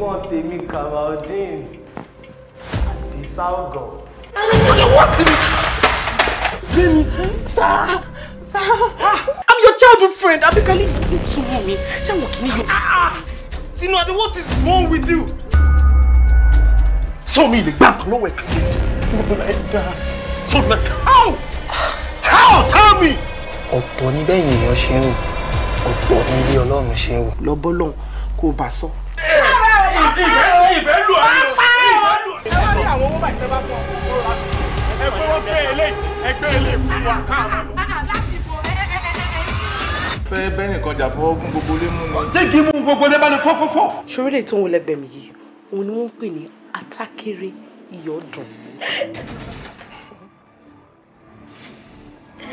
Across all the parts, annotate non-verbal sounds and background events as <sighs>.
ẹ̀gbọ́n tèmi Kamaldeen Àdìsá ọ̀gàn. wá sí mi. Gbémi sí. Sá Sá. I'm your childhood friend Abikali. Mo tún mọ̀ mi, ṣé àwọn kìíní yóò. Ah! Tinubu, what is wrong with you? Sọ mi lè gbà lọ́wọ́ ẹ̀ka méjì. What will I that? So like how? How? Tell me! Ọ̀tọ̀ ni bẹ́yìn èèyàn wò, ọ̀tọ̀ ni Ọlọ́run ṣe wò. Lọ bọ́ lọ́hùn kó o bá sọ. Ah! ìfẹ́ ìfẹ́ lù ọ́ ní o ẹ wá ní àwọn owó báyìí tẹ́ bá fún ọ ẹgbẹ́ wọn gbé ilé ẹgbẹ́ ilé fún wa káàmù. Ah, ah, fẹ́ bẹ́ẹ̀ nìkan jà fọwọ́ gún gbogbo lé mú mi. tí kì í mú gbogbo lé bá lè fọ́ fọ́fọ́. sórí lè tó ń lẹgbẹ̀ẹ́ mi yìí òun ni wọ́n ń pè ní atákéré ìyọ̀dùn.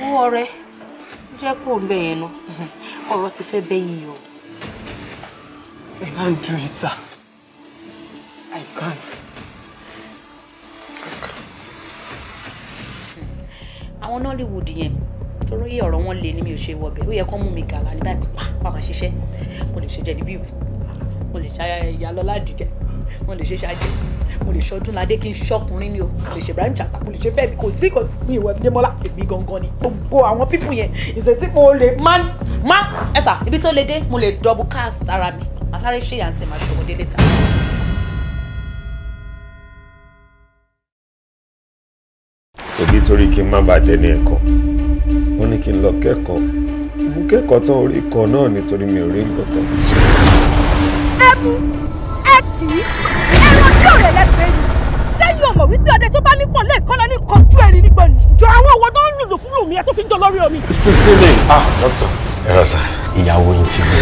owó ọ̀rẹ́ jẹ́ kó o bẹ̀ yẹn nu ọ̀rọ̀ ti fẹ́ bẹ́yìn o. ẹ máa ń ju ìta. I can't. Àwọn Nollywood yẹn torí yẹ ọ̀rọ̀ wọn lé ní mi ò ṣe wọbẹ̀ ó yẹ kó mú mi gàlà ní báyìí pàpà ṣiṣẹ́ mo lè ṣe Genevieve mo lè ṣe Ìyálọ́lá Àdìjẹ́ mo lè ṣe ṣáájú mo lè ṣọdún ládé kí n ṣọkùnrin ni o mo lè ṣe Ibrahim Chata mo lè ṣe Fẹ́mi kò sí mi ìwọ ẹbí Démọ́lá èmi gangan ni gbogbo àwọn pípù yẹn ìṣètí mo lè máa máa ẹ̀sà ibi tó lè dé mo lè double cast ara mi màá sáré ṣèyàn sí màá ṣòwò dé later. torí kí n má bàa dẹni ẹ̀kọ́ wọ́n ní kí n lọ kẹ́kọ̀ọ́ mo kẹ́kọ̀ọ́ tán orí ikọ̀ náà nítorí mi ò rí nǹkan kan. ẹ mú ẹ kì í ẹran tí òrè lẹ́gbẹ̀ẹ́ yìí sẹ́yìn ọmọ wípé ọdẹ tó bá ní fọ̀ lẹ́ẹ̀kan náà ní kọjú ẹ̀rín nígbà ni jọ àwọn owó tó ń lùlù fún lùmí ẹ tó fi ń jọ lórí omi. mr sele ah doctor ẹ rọ sá ìyàwó yín ti lè.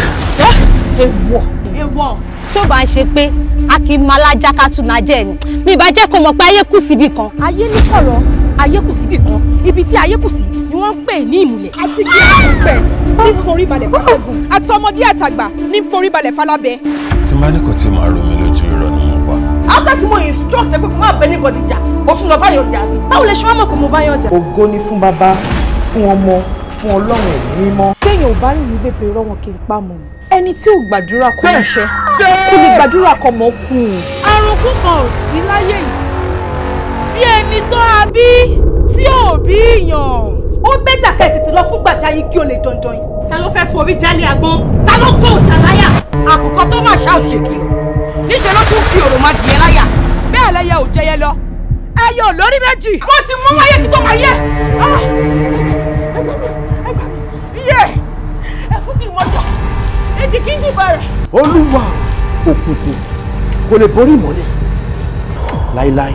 ewọ ewọ. tó bá ń ṣe pé akínmọ́lájà kàtúnájẹ́ ni mi ìbá jẹ́ kó mọ̀ pé ayé kù síbì kan. ayé ní kọ̀rọ̀ ayé kù síbì kan ibi tí ayé kù sí ni wọ́n ń pè ní ìmùlẹ̀. àti kí ló ń pè ní foríbalẹ̀ falágùn àti ọmọdé àtàgbà ní foríbalẹ̀ falábẹ́. tí máa kò tí máa romi lójú irọ́ ni mo wá. after tí mo instruct ẹ pé kò má bẹ anybody jà mo tún lọ báyọ̀ jà mi. báwo lè ṣe wọ́n mọ̀ pé mo báyọ̀ jà. ògo ni fún bàbá fún ọmọ fún ọlọ́run ẹ̀mí mímọ́. kéèyàn ò bá rìn ní bèbè irọ́ wọn kì í pa mọ́ ẹni tí ò gbàdúrà kọ́ mọ́ṣẹ́ kò ní gbàdúrà kọ́ mọ́ kù. àrùn kúkan ò sí láyé yìí bí ẹni tó a bí tí ò bí yàn. ó bẹ́tà kẹ́ tètè lọ fún gbàjá yìí kí o lè dandan yìí. ta ló fẹ́ forí jálé agbọ́n ta ló kó òṣàláyà àkùkọ tó máa ṣá òṣèkìlọ̀ níṣẹ́ ló tún fi òròmọ adìyẹ láyà bẹ́ẹ̀ lẹ́yẹ ò jẹyẹ lọ ẹyẹ ò lórí méjì. wọ́n ti mú wáyé kí tó máa yẹ. Ah! iye ẹ fún kí n mọ̀jọ̀ èdè kí n dìbò rẹ̀. olúwa òkùnkùn kò lè borí ìmọ́lẹ̀ láíláí.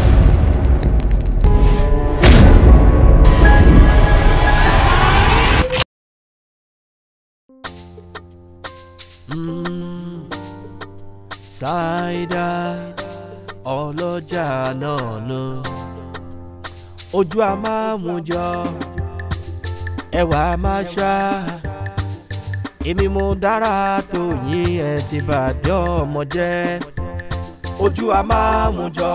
ṣáìdá ọlọ́jà náà ló ojú a máa mú jọ ẹwà a máa ṣá èmi mo dára tó yín ẹ ti bàjẹ́ ọmọ jẹ́ ojú a máa mú jọ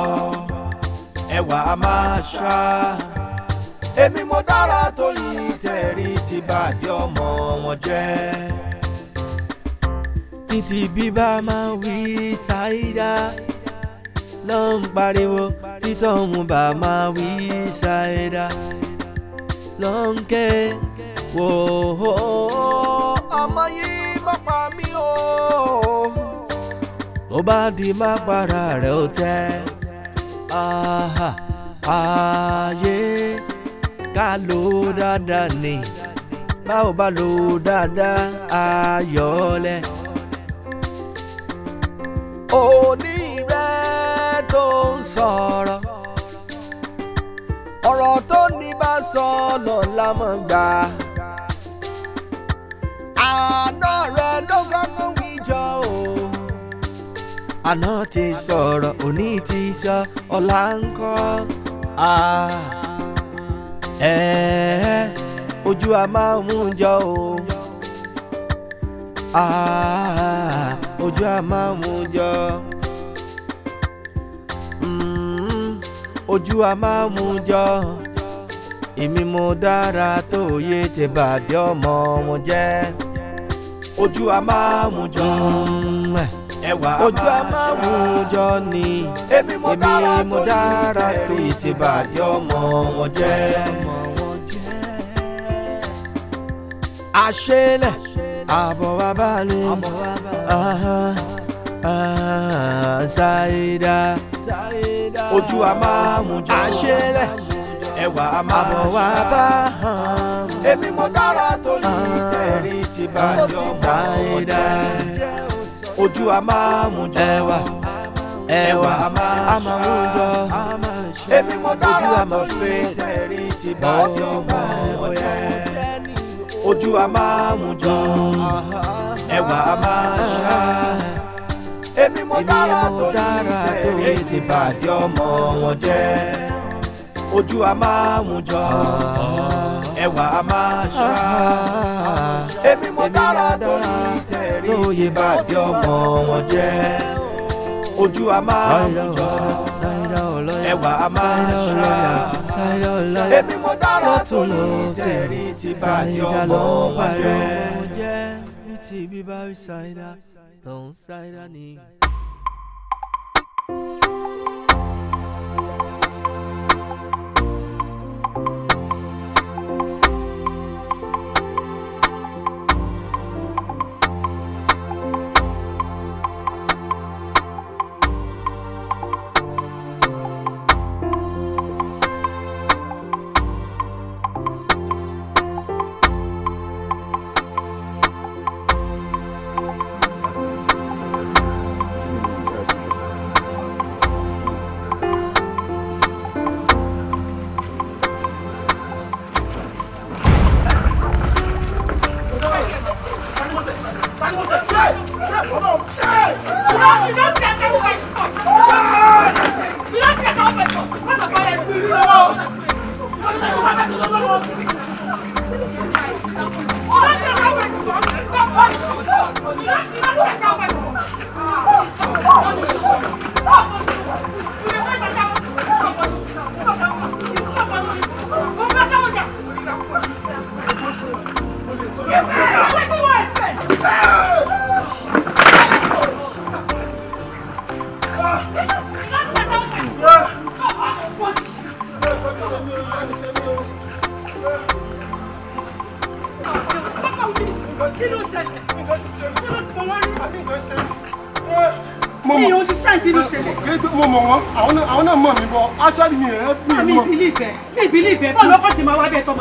ẹwà a máa ṣá èmi mo dára tó yín tẹ̀rí ti bàjẹ́ ọmọ wọn jẹ́ títí bíbá máa wí ṣáídá ló ń pariwo títọ́ mu bá máa wí ṣáídá ló ń ké wò ó. ọmọ yìí mọ̀ pa mí o. ó bá di má para rẹ̀ ó tẹ́ ààyè ká lò ó dáadáa ni báwo bá lò ó dáadáa ayọ̀ọ́lẹ̀ òní rẹ tó ń sọ̀rọ̀ ọ̀rọ̀ tó ní bá sọ lọ́la mọ̀ gbà. àná rẹ ló gbọ́dọ̀ wíjọ o. àná ti sọ̀rọ̀ òní ti sọ ọ̀la ń kọ́. ojú a máa mú jọ o. Ah ojú a máa mú jọ mm-hmm. ojú a máa mú jọ èmi mo dára tó yé ti bàdé ọmọ wọn jẹ́ ojú a máa mú jọ mm-hmm. ẹwà ojú a máa mú jọ ni èmi mo dára tó yé ti bàdé ọmọ wọn jẹ́ àṣẹlẹ̀ àbọ̀ wa bá ní ṣáìdá ojú a máa mú jọ àṣẹlẹ̀ ẹwà a máa bọ̀ wá bá èmi mo dára tó lè tẹ̀rí ti bá yọ ṣáìdá ojú a máa mú jọ ẹwà ẹwà a máa èmi mo dára tó lè tẹ̀rí ti bá yọ ṣáìdá ojú a máa mú jọ ẹwà a máa ṣá èmi mo dára tó ní ìfẹ́ ètì bàdé ọmọ wọn jẹ́ ojú a máa mú jọ ẹwà a máa ṣá èmi mo dára tó ní ìfẹ́ ètì ọmọ wọn jẹ́ ojú a máa mú jọ ẹwà a máa ṣá èmi mo dára tó lò tẹ̀rí ti bàjẹ́ ọmọ bàjẹ́. ti bí bá rí ṣáídà tó ń ṣáídà ni.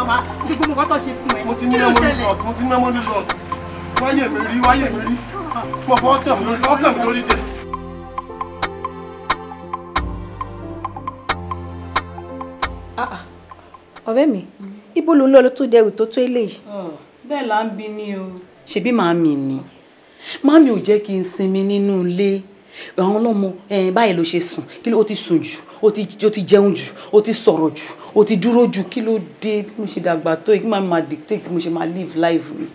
wá ṣe gbogbo nǹkan tó ṣe fún ẹ kí ló ṣẹlẹ̀. mo ti ní memory loss wáyé mi rí wáyé mi rí pọ̀pọ̀ ọ̀tàn mi lórí ọ̀tàn mi lórí jẹ. Ah, ah. ọ̀rẹ́ mi ibo ló ń lọ tó dẹrù tó tó eléyìí. Oh, bẹ́ẹ̀ là ń bi ni o. ṣebí màámi ni màámi ò jẹ́ kí n sinmi nínú ilé àwọn ọlọ́mọ eh, báyìí ló ṣe sùn kí ló ti sùn jù ó ti jẹun jù ó ti sọ̀rọ̀ jù o ti dúró ju kí ló dé mo ṣe dàgbà tó yìí kí màá máa dictate mo ṣe máa live life mi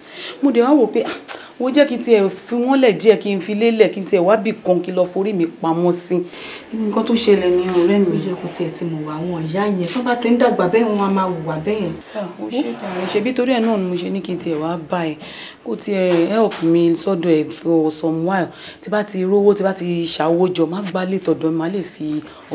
mo dẹ̀ wá wò pé ah, mo jẹ́ kí n tiẹ̀ fi wọ́n lẹ̀ díẹ̀ kí n fi lélẹ̀ kí n tiẹ̀ wá bì kan kí lọ forí mi pamọ́ sí i. nǹkan tó ṣẹlẹ̀ ní ọ̀rẹ́ mi yẹ kó tiẹ̀ ti mọ̀ wá àwọn ìyá yẹn tó bá ti ń dàgbà bẹ́ẹ̀ wọn a máa wùwà bẹ́ẹ̀ ah, ó ṣe dàrú ṣebí torí ẹ̀ náà ni mo ṣe ní kí n tiẹ̀ wá bá ẹ kó tiẹ̀ help me sọ́dọ̀ ẹ̀ for some while tí bá ti rówó tí bá ti ṣàwójọ má gbálẹ̀ tọ̀dọ̀ má lè fi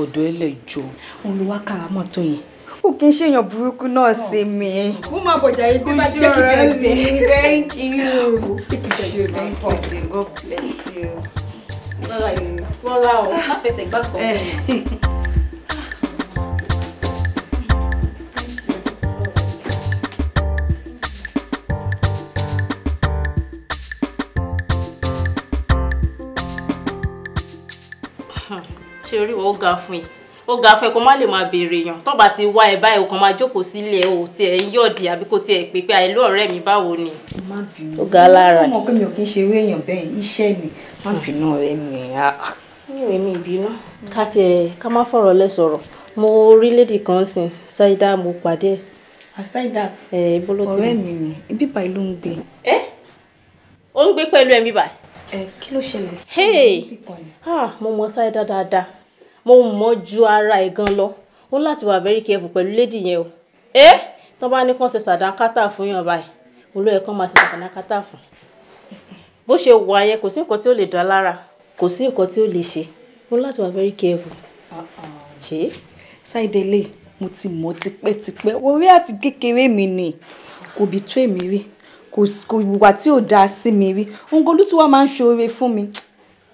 ọ̀dọ̀ ẹ̀ lẹ̀ jọ. olùwákàrà mọ̀ yẹn kò kí n ṣèyàn burúkú náà oh. sí mi. mo máa bọ̀jà yìí bí bá jẹ́ kí bẹ́ẹ̀ gbé. thank you thank you thank you God bless you. rọra o má fẹsẹ̀ gbá kan. ṣe orí wo ó ga fún yìí ó ga fẹ́ kó má lè máa béèrè èèyàn tó bá ti wá ẹ báyìí o kàn máa jókòó sílé ẹ o tiẹ̀ ń yọ̀dì àbí kò tiẹ̀ pé pé àìlú ọ̀rẹ́ mi báwo ni. ó ga lára ẹ. ó mọ̀ pé mi ò kí ń ṣe ewé èèyàn bẹ́ẹ̀ iṣẹ́ ni má bínú ọ̀rẹ́ ah. mi á. níwèé mi ìbínú. ká tiẹ̀ ká má fọ̀rọ̀ lẹ̀ sọ̀rọ̀ mo rí lédì kan sìn ṣáídà mo pàdé ẹ̀. aside ah, that ọ̀rẹ́ mi ni bíbá ìlú ń gbé. ẹ ó ń gbé pẹ̀lú ẹ̀ bíbá. ẹ kí ló ṣẹlẹ̀. Ah, mo mọ ṣáídà dáadáa mo mọ̀ ju ara ẹ̀ gan lọ ó láti wà very careful pẹ̀lú lady yẹn o ẹ́ tán bá ní kàn ṣe sàdákátà fún yàn báyìí olóyè kan máa ṣe sàdákátà fún bó ṣe wà yẹn kò sí nǹkan tí ó lè dá lára kò sí nǹkan tí ó lè ṣe ó láti wà very careful ṣe. ṣáìdé lè mo ti mọ̀ tipẹ́tipẹ́ orí àti kékeré mi ni kò bí tó èmi rí kò wà tí ò dáa sí mi rí òǹgolú tí wàá máa ń ṣoore fún mi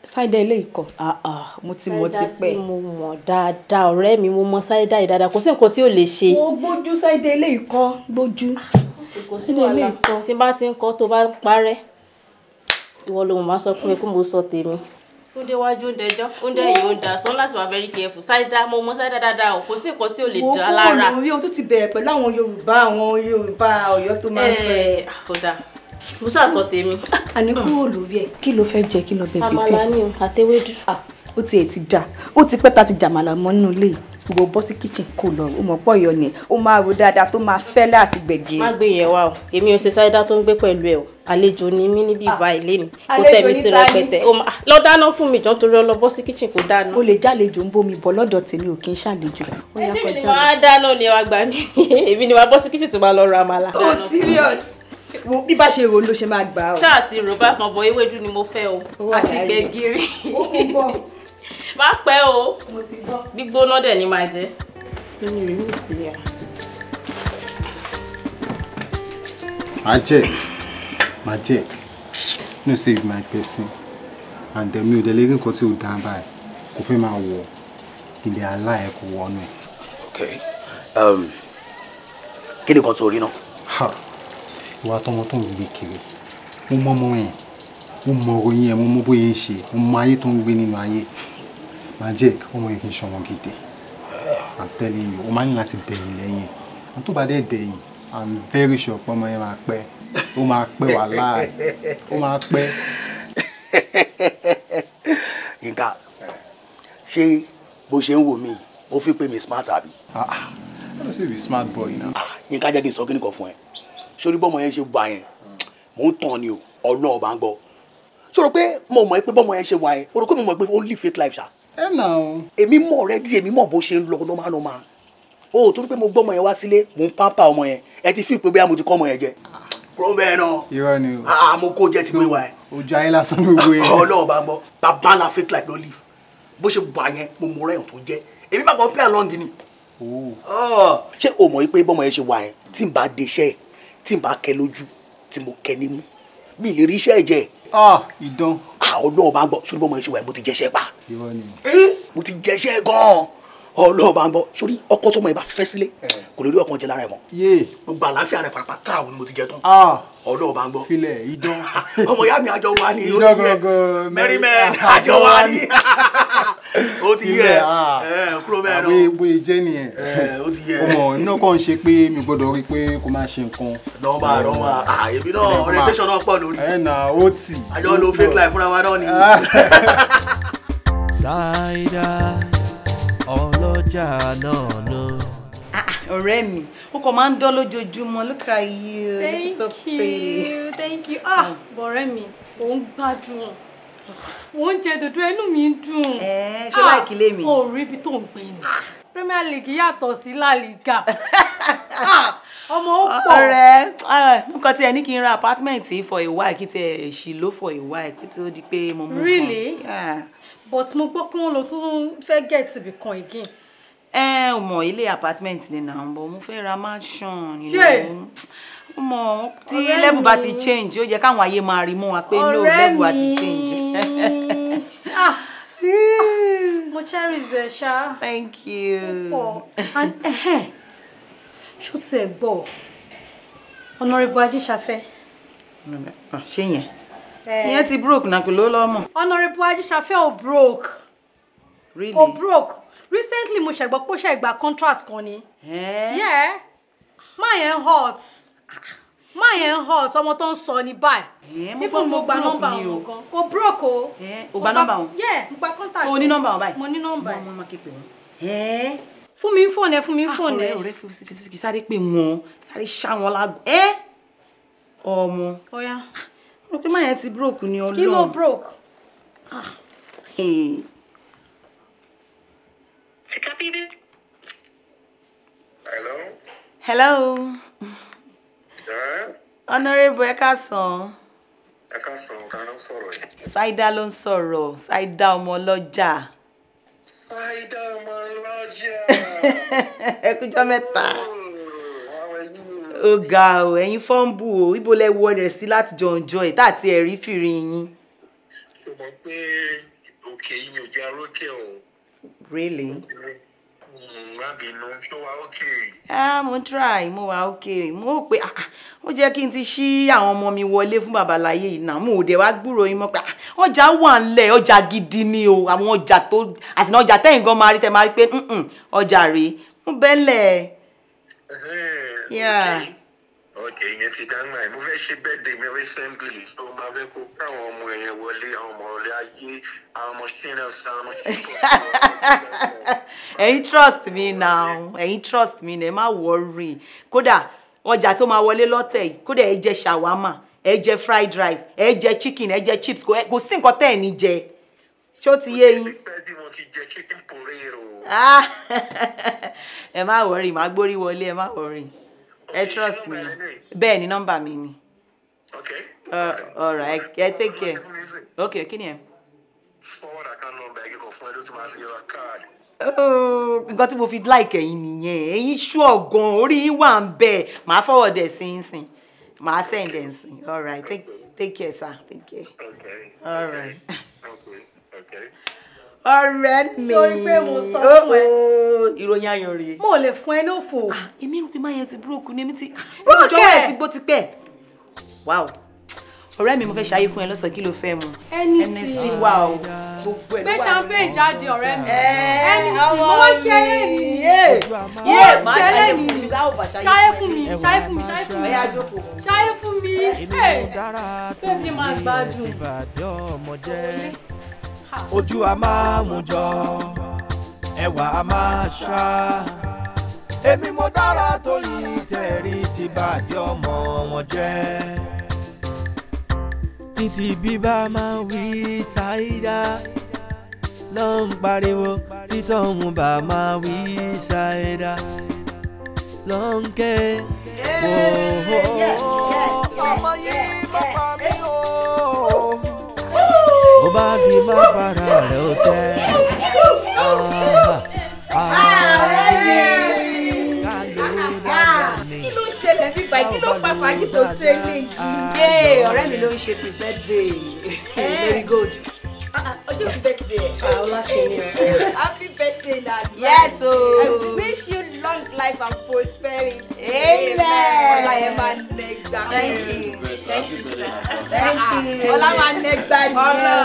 ṣáìdá ilé ikọ̀ ah, ah, mo ti mọ̀ ti pẹ́. mo mọ̀ dáadáa ọ̀rẹ́ mi mo mọ̀ ṣáìdá yìí dáadáa kò sí nǹkan tí ò lè ṣe. mo gbójú ṣáìdá ilé ikọ̀ gbójú ṣáìdá ah, ilé ikọ̀. tí bá ti ń kọ́ tó bá ń parẹ́ ìwọ lòun máa sọ fún mi kó mo sọ tèmi oúnjẹ wájú oúnjẹ jọ oúnjẹ yìí oúnjẹ àsán láti wà very careful ṣáìdá mo mọ̀ ṣáìdá dáadáa o kò sí nǹkan tí ò lè dá lára. mo kúrò lórí ohun tó ti bẹ̀rẹ̀ pẹ̀lú àwọn Yorùbá àwọn Yorùbá Ọ̀yọ́ tó máa ń sọ ẹ̀. Eh, mo ṣàṣọ tèmi. àní kúrò lórí ẹ kí ló fẹ́ jẹ kí ló bẹ̀bí fẹ́. àmàlà ni o àtẹwédú. Ah, ó tiẹ̀ ti dà ó ti pẹ́ ta ti jàmàlà mọ́ nínú ilé yìí gbogbo bọ́ sí kíchìn kò lọ ó mọ̀ pọ̀ yọ ni ó máa ro dáadáa tó máa fẹ́lẹ́ àti gbẹ̀gẹ́. má gbé yẹn wá o èmi ò ṣe sáyédá tó ń gbé pẹ̀lú ẹ o àlejò ni mí níbi ìbá ilé ni kò tẹ̀mí sí rẹpẹtẹ lọ dáná fún mi jọ torí ọlọ bọ́ sí kíchìn kò dáná. o lè jálejò ń bomi bọ̀ lọ́dọ̀ tèmi ò kí ń ṣàlejò. ẹ ṣé mi ni wàá dáná ni wàá gbà mí <laughs> èmi ni wàá bọ́ sí kíchìn tó máa lọ ra àmàlà. o oh, serious wo bí bá ṣe rò ló ṣe máa gbà o. ṣáà ti rò bákan bọ ewédú ni mo fẹ́ o àti gbẹ̀gìrì <laughs> má pẹ́ o gbígbóná dẹ̀ ni máa jẹ. inú rẹ̀ mi sì yà. máa jẹ máa jẹ no save my person and then mi ò dẹ̀ lérí nǹkan tí ò dáa báyìí kò fẹ́ máa wọ̀ ilẹ̀ aláì kò wọnú ẹ̀. ok um, kí ni kan tó rí náà ìwà tọmọ tó ń gbé kiri mo mọ ọmọ yẹn mo mọ oyin ẹ mo mọ bóyá ń ṣe mo mọ ayé tó ń gbé nínú ayé máa jẹ́ ọmọ yẹn kì í ṣọmọ gidi i'm telling you o máa ní láti dẹ̀yìn lẹ́yìn àwọn tó bá dẹ̀ dẹ̀yìn i'm very sure pé ọmọ yẹn máa pẹ́ ó máa pẹ́ wà láàyè ó máa pẹ́. yínká ṣé bó ṣe ń wò mí ó fi pé mi smart àbí. ah ah i don't say you be smart boy na. Ah, yínká jẹ́ kí n sọ kí ni kan fún ẹ sórí bọ́mọ yẹn ṣe wà yẹn mò ń tàn ni o ọlọ́run bá ń gbọ́ sọ̀rọ̀ pé mo mọ̀ pé bọ́mọ yẹn ṣe wà yẹn o rò pé mo mọ̀ pé only faith life ṣá. ẹ nà o. èmi mọ̀ rẹ díẹ̀ èmi mọ̀ bó ṣe ń lọ normal normal o torí pé mo gbọ́ ọmọ yẹn wá sílé mò ń pampa ọmọ yẹn ẹ ti fi ìpè bóyá mo ti kọ́ ọmọ yẹn jẹ kúrò bẹ́ẹ̀ náà. irọ́ ni o. a mo kó jẹ́ ti gbé wa ẹ̀. ojú ayé lásán ló gbé. ọlọ́run bá ń gbọ́ bàbá la faith life ló lì bó ṣe gbà yẹn mo mọ ọ̀rẹ́ yẹn tó jẹ́ èmi má kàn play along ni. Oh. Ah. ṣé o mọ̀ pé bọ́mọ yẹn ṣe wà yẹn tí n bá de iṣẹ́ tí n bá kẹ lójú tí mo kẹ nímú mi lè rí iṣẹ́ ìjẹ́ ah ìdán. Ah, ọlọ́run bá ń gbọ́ sórí bọ́mọ ìṣòwò ẹ̀ mo ti jẹ́ṣẹ́ pa. Eh, mo ti jẹ́ṣẹ́ gan-an ọlọ́run bá ń gbọ́ sórí ọkọ tó mọ̀ ẹ bá fẹ́ sílé eh. kò lórí ọkàn jẹ lára ẹ̀ mọ́ gbogbo àlàáfíà rẹ̀ pàápàá táwọn ni mo ti jẹ tán. Ah ọlọ́ọ̀ bá ń gbọ́. filẹ̀ idán. ọmọ ìyá mi àjọ wa ni ó ti yẹ mẹ́rìmẹ́ àjọ wa ni ó ti yẹ kúrò bẹ́ẹ̀ lọ. àwọn egbò ìjẹ́ nìyẹn ọmọ iná kan ṣe pé mi gbọ́dọ̀ rí i pé kò máa ṣe nǹkan. nọ́mbà eh, nọ́mbà àyèbí ah, náà orientation náà pọ̀ lórí. ẹ eh, na ó tì. àjọ lo fake life fúnra wa náà ni. Ah. <laughs> ṣáìdá ọlọ́jà náà ló ọ̀rẹ́ mi ó kàn máa ń dán lójoojúmọ́ look at you thank so you thank you ah mm. bọ̀rẹ́ mi ò ń gbádùn oúnjẹ dòdò ẹnu mi ń dùn. ẹ ṣé ah, láìkí lé mi. o rí ibi tó ń gbé mi. Ah. Premier League yàtọ̀ sí La Liga. <laughs> Ah, ọmọ ó pọ̀. ọ̀rẹ́ nǹkan tí ẹ ní kí n ra apartment for a while kí tẹ ṣì ló for a while kí tó di pé mo mú un. really yeah. but mo gbọ́ pé wọ́n lọ tún fẹ́ get ibì kan again ẹ ò mọ ilé apartment ni nà ń bọ mo fẹ́ ra mansion ni ló ń mọ tí level bá ti change ó yẹ káwọn ayé máa rí mọ́ wa pé no level bá ti change. <laughs> Ah, mo cherish the ṣá. thank you. Eh, eh, ṣó ti ẹ̀ gbọ́ honourable ajíṣafẹ́. ṣé yẹn eh. ìyẹn ti broke nàkú ló lọ́mọ. honourable ajíṣafẹ́ ò broke. really ò broke recently mo ṣẹ̀gbọ́ pé ó ṣe contract kan ni. yeah máa yẹn hot My hand hot ọmọ tó ń sọ ní báyìí nífún mo gba nọ́mbà wọn kan kò broke o. o gba nọ́mbà wọn yeah mo gba contact. o ní nọ́mbà wọn báyìí mo ní nọ́mbà yìí. mo máa ké pè wọ́n. fún mi fóònù ẹ fún mi fóònù ẹ. Ah, ọ̀rẹ́ ọ̀rẹ́ fi fi sáré pé wọn sáré ṣá wọn lágùn. ẹ ọmọ. ọ̀ya. Ah, mo rò pé máa yẹn ti broke ni Ọlọ́run. kí ló broke. Ah, copy this? Hello? Hello. Yeah. Honorable Ẹ káàsán. Ẹ káàsán, ta ló ń sọ̀rọ̀ yìí? Ṣáídá ló ń sọ̀rọ̀, Ṣáídá ọmọ ọlọ́jà. Ṣáídá ga o, ẹ̀yin fọ́nbù o, ibo lẹ wọ rẹ̀ sí láti jọ ǹjọ́ ẹ̀ tá àti ẹ̀rí fìrí yín. Ṣé o mọ̀ pé òkè yìí ò jẹ́ arókè really. Mm, ah, mo try mo wà okay mo pé ah ó jẹ́ kí n ti ṣí àwọn ọmọ mi wọlé fún babaláyé yìí náà mo ò dé wá gbúròó yín mọ́ pé ah, ọjà wà ńlẹ̀ ọjà gidi ni o àwọn ọjà tó àti náà ọjà tẹ́yìn gan máa rí tẹ́ máa rí pé ọjà rèé mo bẹ́ẹ̀ lẹ̀ ok ìyẹn ti dáńgbà yìí mo fẹ́ ṣe bẹ́ẹ̀dẹ̀ mi recently so ma fẹ́ kó káwọn ọmọ yẹn wọlé àwọn ọmọ ọ̀lẹ́ ayé àwọn ọmọ ṣẹ́nà sàn ọmọ ṣẹ́nà. <laughs> ẹ̀yin trust me now ẹ̀yin trust me now ẹ má worry kódà ọjà tó máa wọlé lọ́tẹ̀ yìí kódà ẹ jẹ ṣàwámà ẹ jẹ fried rice ẹ jẹ chicken ẹ jẹ chips kò sí nǹkan tẹ́ ẹ̀ ní jẹ ṣó ti yé yín. Ah! <laughs> ẹ má worry má gbórí wọlé ẹ má worry ẹ trust me bẹ́ẹ̀ ni nọ́mbà mi ni. Uh, all right. Yeah, take care Okay. kí ni ẹ. got to number ẹ̀kẹ́ oh, like ẹ̀yin nìyẹn ẹ̀yin sure gone orí one wà My forward ẹ̀ sí ń sìn all right take, take care sir take care. okay all right. okay okay ọ̀rẹ́ mi torí pé mo sọ fún oh, ẹ oh, ìròyìn ayọ̀ rèé. mo lè fún ẹ ní òfò. Ah, èmi rò pé máa yẹn ti búrọ́kù ní èmi ti búrọ́kù jọwọ́ ẹ̀ ti gbó ti pẹ́. wáò ọ̀rẹ́ mi mo fẹ́ ṣayé fún ẹ lọ́sàn kí ló fẹ́ mu. ẹni tí wà ó gbogbo ẹ̀ ló wà ó. gbé champagne jáde ọ̀rẹ́ mi. ẹni eh, tí mo wá kéré mi. yé máa ṣayé fún mi láwọ̀ bá ṣayé fún mi. ṣayé fún mi ṣayé fún mi ṣayé fún mi ṣayé fún mi. bẹ́ẹ̀ ni máa gbádùn ojú a máa mú jọ ẹwà a máa ṣá èmi mo dára tó yìí tẹ̀rí ti bàdé ọmọ wọn jẹ́ títí bíbá máa wí ṣáídá ló ń pariwo títọ́ mu bá máa wí ṣáídá ló ń ké wò ọmọ yìí bàbá ó bá di má bàrà rẹ̀ ó tẹ́. kí ló ń ṣẹlẹ̀ bíbá kí ló fa fàájì tó tó eléyìí. ọ̀rẹ́ mi ló ń ṣe prepared day Very good ọjọ́ birthday, bẹ́tìdé ẹ̀. àwọn happy birthday na advance. yes o. Oh. i wish you long life and prosperity. amen. ọlá yẹn máa nẹ thank you. thank you sir. thank ah, you. ọlá máa nẹ gbà ni. ọlọ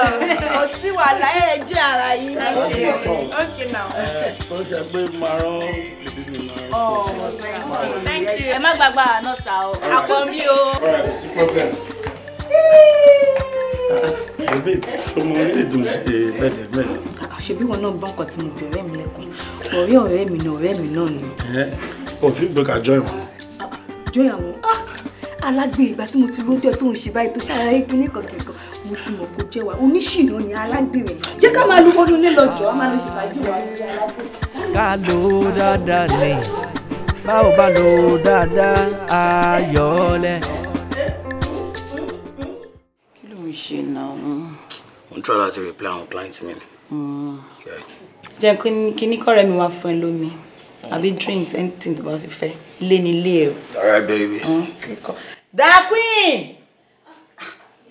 kò sí wàhálà ẹ jẹ ara yín. ok now. Eh, ó ṣe pé márùn ìdí mi oh, thank you. ẹ má gbàgbà àná sá o. àpọ̀ mi o. ọ̀rẹ́ kò sí problem bẹ́ẹ̀ ọmọ orílẹ̀ èdè ṣe mẹ́lẹ̀ mẹ́lẹ̀. Ah, àṣebí wọn náà gbọ́ nǹkan tí mo bẹ̀rẹ̀ mi lẹ́kùn ọ̀rẹ́ ọ̀rẹ́ mi ni ọ̀rẹ́ mi náà ni. òfin gbé ká join wọn. join àwọn ah, alágbe ìgbà tí mo ti rójọ tó ń ṣe báyìí tó ṣàlàyé kinní kan kẹ̀kọ́ mo ti mọ̀ kó jẹ́ wa oníṣìnà ni alágbèrè jẹ́ ká máa lu ọdún nílò jọ́ máa lè ṣèbájú wa lórí alágbèrè. ká ló dáadáa ni báwo bá lò dáadáa ayọ̀ lẹ́nu ṣe náà. mo ń tọ́ láti reply àwọn client mi. jẹ́ kíní kọ́rẹ́ mi wá fún ẹ lómi àbí drinks anything to bá fi fẹ́ ilé ní ilé ẹ. all right baby. Mm, the queen.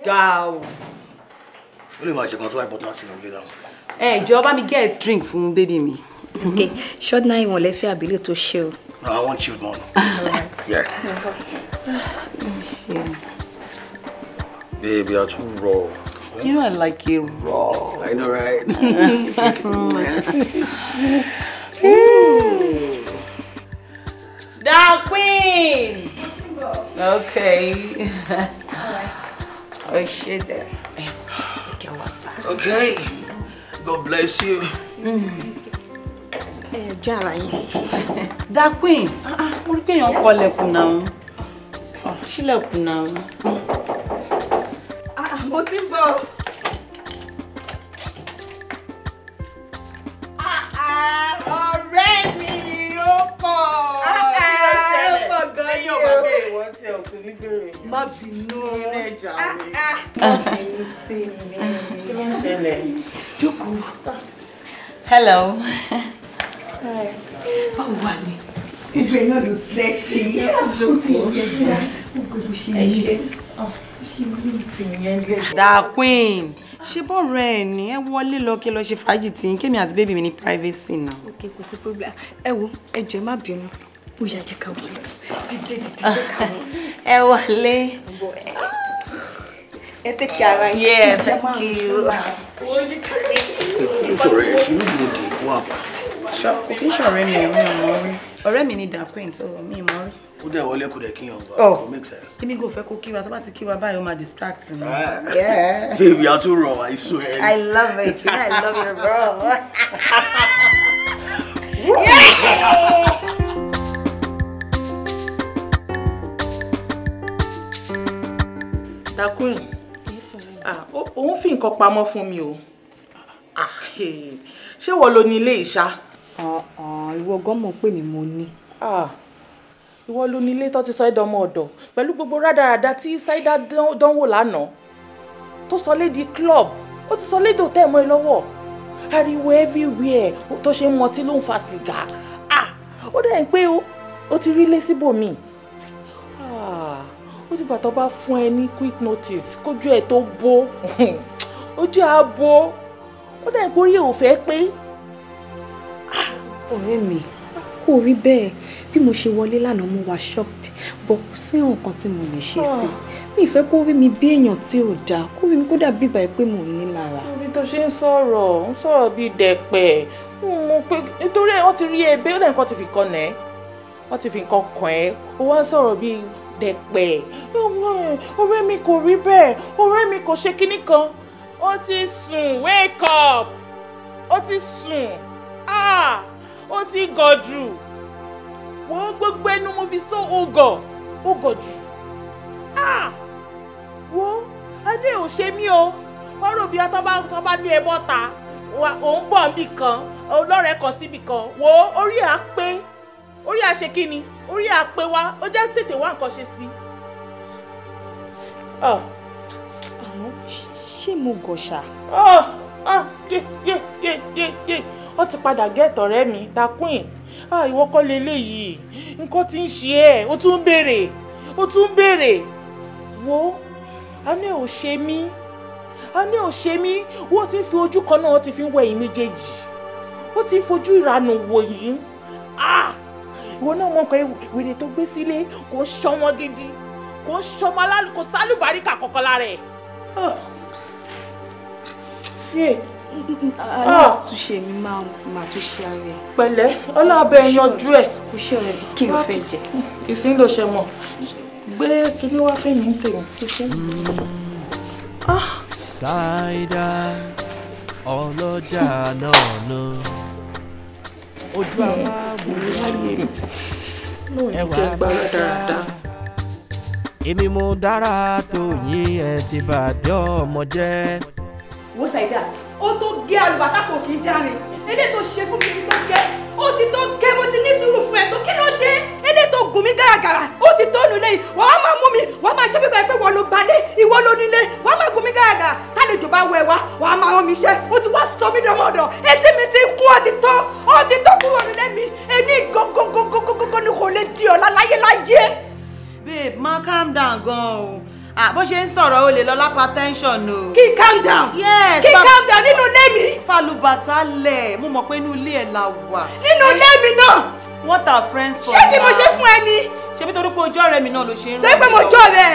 gaaw. ó lè máa ṣe kan tó wà important nínú ilé náà. ẹ jọ̀ọ́ bá mi get drink fún baby mi. okay short nine ìwọ̀n lẹ́fẹ̀ẹ́ àbílẹ̀ tó ṣe o. no i want chill more. yeah. Baby, you are too raw. You know I like it raw. I know, right? Dark <laughs> <laughs> Queen! Okay. <laughs> oh, shit there. Okay. God bless you. Mm. Eh, Jara Dark Queen, ah, ah, mo rí pé èèyàn kọ́ lẹ̀kùn náà. Oh, ṣílẹ̀kùn náà. Hello. Hi. How are you? Ìgbẹ́ náà ló sẹ́ tí ó ti yẹ gbà. Ó gbé bó ṣe ń lé. Ó ṣe ń lé ti yẹn lẹ̀. Da queen. Ṣé bọ́ọ̀rọ̀ ẹ̀ ní ẹ wọlé lọ kí ẹ lọ ṣe fàájì tí yín kémi àti bébì mi ní privacy náà. Ok kò sí problem. Ẹ wo ẹ jọ̀ọ́ ẹ má bínú. Ó yá jẹ́ ká wọlé. <laughs> Ẹ wọlé. Ẹ Ete kyara. Yeah, thank you. Ìṣòro ìṣòro mi di ìwọ àbá. Kò kí ṣọ̀rẹ́ mi ẹ̀ mi ò mọ rí. Ọ̀rẹ́ mi ni Dapin tó mi mọ rí. Ó dẹ̀ wọlé kò dẹ̀ kí yan gbà. Ọ̀ Èmi kò fẹ́ kó kí wa tó bá ti kí wa báyìí máa distract mi. Ah. Baby, a tún rọ̀ wá ìṣó ẹ̀. I love it, you know I love you, bro. yeah! <laughs> Dapin òun ah, fi nǹkan pamọ́ fún mi o ah, eh, ṣé wọ́n lo ní ilé ìṣá. Ah, ìwọ gan mọ̀ pé mi mo ní. ìwọ ló ní ilé tó ti sọ ẹ́ dánmọ́ ọ̀dọ̀ pẹ̀lú gbogbo rádaràda tí ṣáídá dánwò lánàá tó sọ lédi club ó ti sọ lédò tẹ́ ẹ̀ mọ́ ẹ lọ́wọ́ ariwo everywhere tó ṣe ń mọtí ló ń fa sìgá ó dẹ̀ ń pé ó ti rí lé síbòmíì ó dìgbà tó bá fún ẹ ní quick notice kójú ẹ tó bó <laughs> ojú á bó ó dẹ̀ borí ẹ ò fẹ́ pé. Ah, ọ̀rẹ́ mi kò rí bẹ́ẹ̀ bí mo ṣe wọlé lánàá mo wà shocked bọ̀ kò sí nǹkan tí mo lè ṣe sí ah. mi ìfẹ́ kó rí mi bí èèyàn tí ò dáa kó rí mi kó dàbí ìgbà pé mò ní lára. ibi tó ṣe ń sọ̀rọ̀ ń sọ̀rọ̀ bíi dẹ̀pẹ̀ mo pe nítorí ẹ̀ wọ́n ti rí ebe ó dẹ̀ nǹkan ti fi kọ́ nẹ́ wọ́n ti fi nǹkan kàn ẹ́ ó wá sọ̀rọ̀ bíi dẹ̀pẹ̀ ọ̀rẹ́ mi kò rí bẹ́ẹ̀ ọ̀rẹ́ mi kò ṣe kinní kan ó ti sùn wake up ó ti sùn ah ó ti gọ̀ jù wọ́n gbogbo ẹnu mo fi sọ ó gọ̀ ah wo adé ò ṣe mí o wọ́n rò bí ọtọ́ bá tọ́ bá ní ẹ bọ́ta òun bọ̀ níbì kan olórẹ́ kan síbì kan wo orí à pé orí àṣekínni orí àpéwá ó jẹ́ tètè wá nǹkan ṣe sí. àmọ́ ṣé mo gọ̀ṣà. ó ti padà gẹ́ẹ̀tì ọ̀rẹ́ mi daquin ìwọ kọ́ leléyìí nǹkan tí ń ṣe ẹ́ ó tún ń béèrè ó tún béèrè wo àánú ò ṣe mí àánú ò ṣe mí wọ́n ti fi ojú kan náà wọ́n ti fi ń wẹ̀yìn méjèèjì ó ti fojú ìranù wò yín. Ah! ìwọ náà mọ̀ pé wèrè tó gbé sílé kò ń ṣọmọ gidi kò ń ṣọmọ alálù kò sálùbáríkà kankan lára ẹ̀. aláà ah. ah. ah. tún ṣe mi máa máa tún ṣe ara ẹ. pẹ̀lẹ́ ọlọ́ọ̀bẹ yanjú ẹ̀. kò ṣe ọ̀rẹ́ kí n fẹ́ jẹ. ìsín ló ṣe mọ̀ gbé kíní wá fẹ́ mi tèmi tó ṣe. Saida ọlọ́jà náà náà ojú àwọn àbúrò ayé mi ẹwà dáadáa. èmi mo dára tó yín ẹ ti bàjẹ́ ọmọ jẹ́. what's like that? ó tó gé alùbàtà kò kí dání eléyìí tó ṣe fún mi ti tó gẹ́ ó ti tó gẹ́ mo ti ní sùúrù fún ẹ tó kí ló dé eléyìí tó gùn mí gàràgàrà ó ti tó nulẹ̀ yìí wàá máa mú mi wàá máa ṣe bíkọ́ ẹ pé wọ́n ló balẹ̀ ìwọ ló nílé wàá máa gùn mí gàràgàrà tálejò bá wẹ̀ wá wàá máa rán mi iṣẹ́ ó ti wá sọ mí dọ́mọ̀dọ̀ etí mi ti kú ó ti tó ó ti tó kúrò nílé mi ẹni gọ́gọ́gọ́gọ́gọ́ ni kò lè di ọ̀la láyé láyé. babe ma calm down gan o bó ṣe ń sọ̀rọ̀ o lè lọ lápá tension o. kí calm down. yes kí calm down nínú ilé mi. falubata lẹ̀ mo mọ̀ pé inú ilé ẹ̀ la wà. nínú ilé mi náà. what are friends for. ṣé bí mo ṣe fún ẹ ni. ṣé bí torí pé ojú ọ̀rẹ́ mi náà ló ṣe ń rìn. tó mo jọ rẹ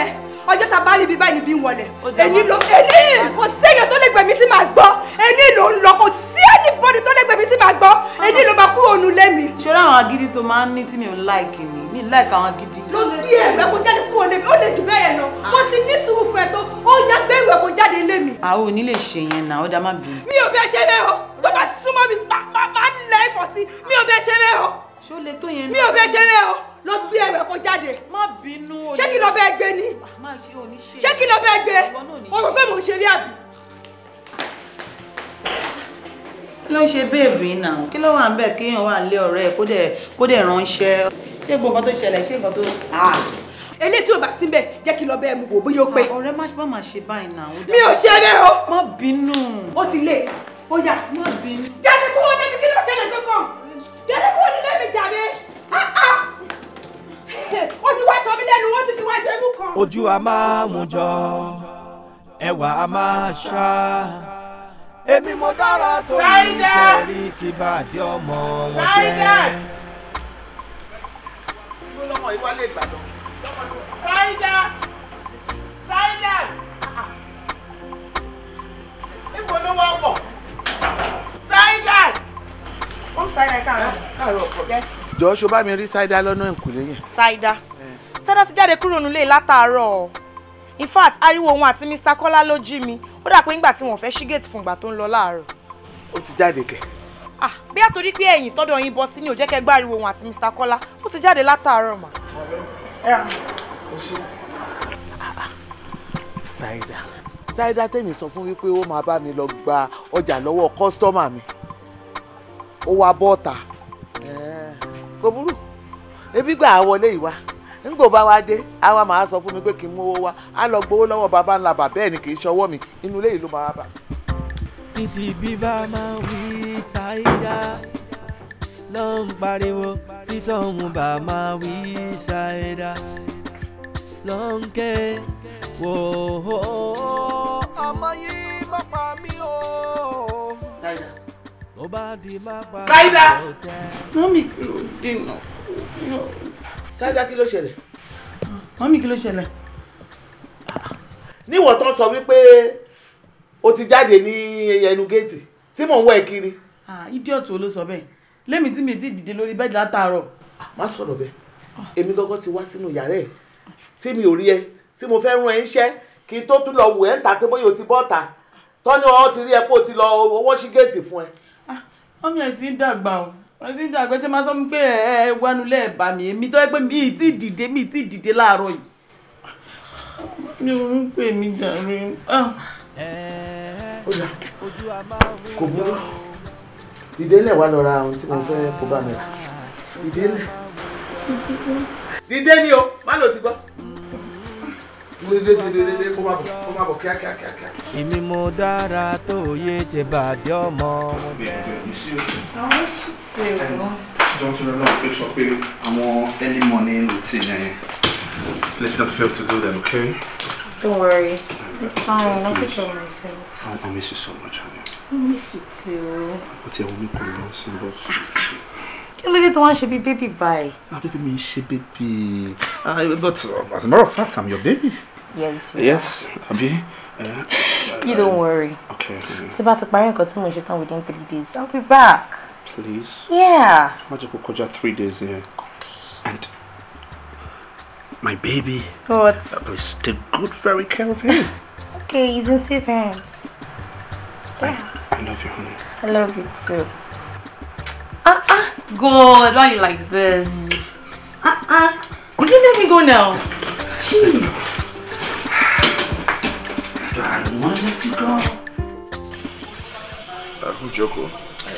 ọjọ́ ta bá níbi báyìí níbi wọlé èyí ló èyí kò séèyàn tó lè gbẹ̀mí tí màá gbọ́ èyí ló ń lọ kò sí anybody tó lè gbẹ̀mí tí màá gbọ́ èyí ló máa kúrò nulẹ̀ mi. ṣọlá àwọn agídí tó máa ń ní tí mi ò ń láìkì ni mi láìka àwọn gidi. ló gbé ẹ̀rọ kó jáde kúrò lèmi ó lè jù bẹ́ẹ̀ lọ wọ́n ah. ti ní sùúrù fún ẹ tó ó yá gbé ìwẹ̀ kó jáde lèmi. àwọn ah, ò ní lè ṣe yẹn náà ó dá má bínú. mi ò bẹ ṣe bẹ́ẹ̀ o tó bá súnmọ́ mi máa ń lẹ́ ẹ̀fọ́ sí mi ò bẹ ṣe bẹ́ẹ̀ o. ṣó le tó yẹn náà. mi ò bẹ ṣe bẹ́ẹ̀ o ló gbé ẹ̀rọ kó jáde. má bínú o. Ah, ṣé kí lọ bẹ gbé ni. ṣé kí lọ bẹ gbé. o rò pé mò ń ṣe rí àbí. kí ló ń ṣe bẹ́ẹ̀ bí náà kí ló wà ń bẹ̀ kéèyàn wà ń lé ọ̀rẹ́ kó dẹ̀ ránṣẹ́ ṣé gbogbo nǹkan tó ṣẹlẹ̀ ṣé nǹkan tó ah! eléyìí tí o bá síbẹ̀ jẹ́ kí lọ bẹ́ẹ̀ mú wò bóyá ó pé. Ah, ọ̀rẹ́ má má ṣe báyìí náà. mi ò ṣe bẹ́ẹ̀ o. má bínú. ó ti late ó yá. má bínú. jáde kúrò lẹ́mi kí ló ṣẹlẹ̀ kankan jáde kúrò lẹ́mi jàre ah, ó ti wá sọ mí lẹ́nu ó ti fi wá ṣerú kan. ojú a máa mú jọ ẹwà a máa ṣá èmi mo dára tó ní nítorí ti bàdé ọmọ wọn jẹ́ lọ́mọ yìí wálé ìgbàdàn. sáídà sáídà ibo ló wá wọ̀ sáídà. ó ń sáídà káàárọ̀. káàárọ̀ ọkọ jọ̀ọ́ ṣo bá mi rí sáídà lọ́nà ìkùlé yẹn. sáídà eh. sáídà ti jáde kúrò nílé látàárọ̀ in fact ariwo òun àti mr kọ́lá ló jí mi ó dà pé nígbà tí wọ́n fẹ́ ṣí gate fún ìgbà tó ń lọ láàárọ̀. ó ti jáde kẹ̀. ah bí àtòrí pé ẹ̀yìn tọ́dọ̀ yín bọ́ sí ni ò jẹ́ kẹ́ gbáriwo wọn àti Mr. Kọ́lá ó ti jáde látàárọ̀ mà. Saida Saida tẹ̀mí sọ fún mi pé ó máa bá mi lọ gba ọjà lọ́wọ́ kọ́sítọ́mà mi ó wá bọ́ọ̀tà kò burú ebi gbà á wọlé ìwà ńgbò bá wa dé á máa sọ fún mi pé kí n mú owó wá á lọ gbowó lọ́wọ́ baba ńlá bàbá ẹ̀ ní kì í ṣọwọ́ mi inú ilé yìí ló máa bá títí bíbá máa ń wí ṣáídá ló ń pariwo títọ̀hún bá máa wí ṣáídá ló ń ké wò ó ọmọ yìí mọ́ pa mí o. ṣáídá. ló bá di má pa mí o. ṣáídá. mọ́mí kí ló dènà. ṣáídá kí ló ṣẹlẹ̀. mọ́mí kí ló ṣẹlẹ̀. níwọ̀n tán sọ wípé o ti jáde ní ẹnu géètì tí mò ń wẹ̀ kiri. idiot wo ló sọ bẹ́ẹ̀ lémi tí mi ti dìde lórí bẹ́ẹ̀dì látàárọ̀. má sọ̀rọ̀ bẹ́ẹ̀ èmi gángan ti wá sínú yàrá ẹ̀ tí mi ò rí ẹ tí mo fẹ́ rán ẹ ń ṣẹ́ kí n tó tún lọ wù ẹ́ ń ta pé bóyá o ti bọ́ ta tọ́ni ọ ti rí ẹ pé o ti lọ owó sí géètì fún ẹ. ọmọ ẹ ti ń dàgbà o wọ́n ti ń dàgbà ṣe máa sọ pé ẹ ẹ wánu lẹ́ẹ̀bà mi èmi tó yẹ pé mi ti dìde mi ti dìde láàárọ̀ yìí mi ò ń pè mí jàre ó dà kò burú ìdílé wa lọ ra ohun tí mo fẹ́ kó bá mi rà ìdílé. dídé ni o má lò ti gbọ́ èmi mo dára tó yé ti bàjẹ́ ọmọ. àwọn ṣùṣe ọ̀nà. john tún lọ́nà pé sọ pé àwọn early morning routine yẹn let's not fail to do them okay. don't worry. It's fine, not to kill myself. I, I miss you so much, honey. I miss you too. What's your only could not sing but kí ló dé tó wọ́n ṣe ah baby mi she baby ah but uh, as a matter of fact i'm your baby. yes you yes abi. Uh, <laughs> you don't uh, worry. okay. tí bá ti parí nǹkan tí mo ṣe within three days i'll be back. please. yeah. má jẹ́ kó kọjá three days here. okay. and my baby. What? please take good, very care of him. okay, he's in safe hands. Yeah. I, I love you, honey. I love you too. Ah, ah, God, why are you like this? Ah, ah. Uh-uh. Would you let me go now? Jeez. I want to go. Uh, who's Joko?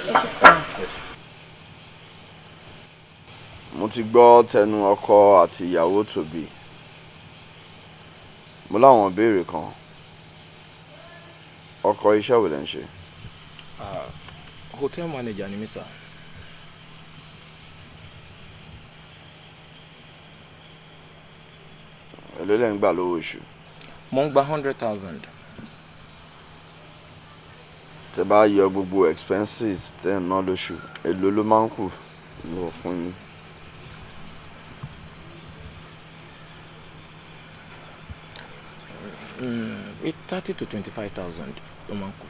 This is Sam. Yes. mo ti gbọ́ tẹnu ọkọ àti ìyàwó tòbí mo láwọn béèrè kan ọkọ iṣẹ́ wo lẹ ń ṣe. hotel manager ni mí sà. èló lẹ ń gbà lówó oṣù. mo ń gba hundred thousand. tẹ́ bá yọ gbogbo expenses tẹ́ ń ná lóṣù èló ló máa ń kù lọ fún yín. with hmm, thirty to twenty-five thousand ló máa ń kó.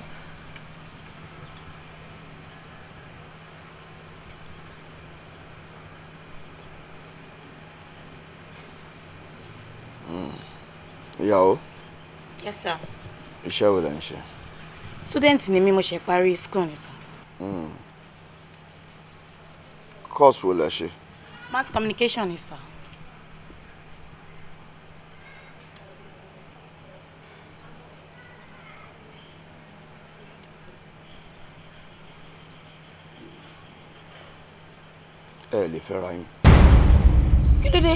Hmm. ìyàwó. yes sir. iṣẹ́ wo lẹ ń ṣe. student ni mí mo ṣe parí school ni sir. Hmm. course wo lẹ ṣe. mass communication ni sir. ẹ lè fẹ́ ra yín. kí ló dé.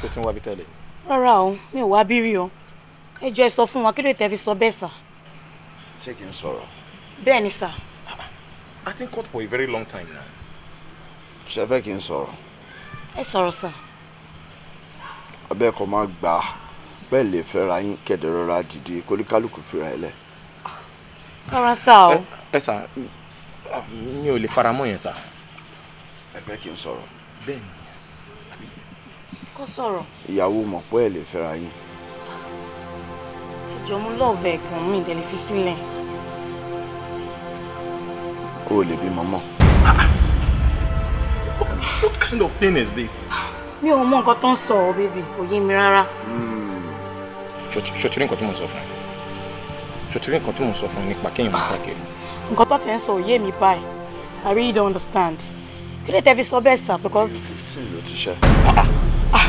ṣé tí ń wábi me o mi o sọ fún wa kí ni I think court for a very long time now. ṣe fẹ́ n sọ̀rọ̀. ẹ sọ̀rọ̀ sà. abẹ́ẹ̀kọ́ máa gbà á bẹ́ẹ̀ lè fẹ́ ra yín kẹ̀dẹ̀rọ̀ra dìde kólíkálùkù o. ẹ sà ẹ fẹ́ kí n sọ̀rọ̀. bẹ́ẹ̀ni kó sọ̀rọ̀. ìyàwó mọ̀ pé ẹ lè fẹ́ra yín. ìjọ mú lọ́ọ̀vẹ̀ kan mi ìdẹ̀lẹ̀ fi sílẹ̀. o ò lè bímọ mọ́. Ah, ah. what kind of pain is this. mi ò mọ nǹkan tó ń sọ ọ bébì kò yé mi rárá. Hmm. ṣòtúrí nǹkan tó mò ń sọ fún ẹ ṣòtúrí nǹkan tó mò ń sọ fún ẹ nípa kéèyàn máa ah. káàkiri. nǹkan tó ti ń sọ òye mi báyìí I really don't understand kí lè tẹ́fi sọ bẹ́ẹ̀ sà because. fifteen ló ti ṣe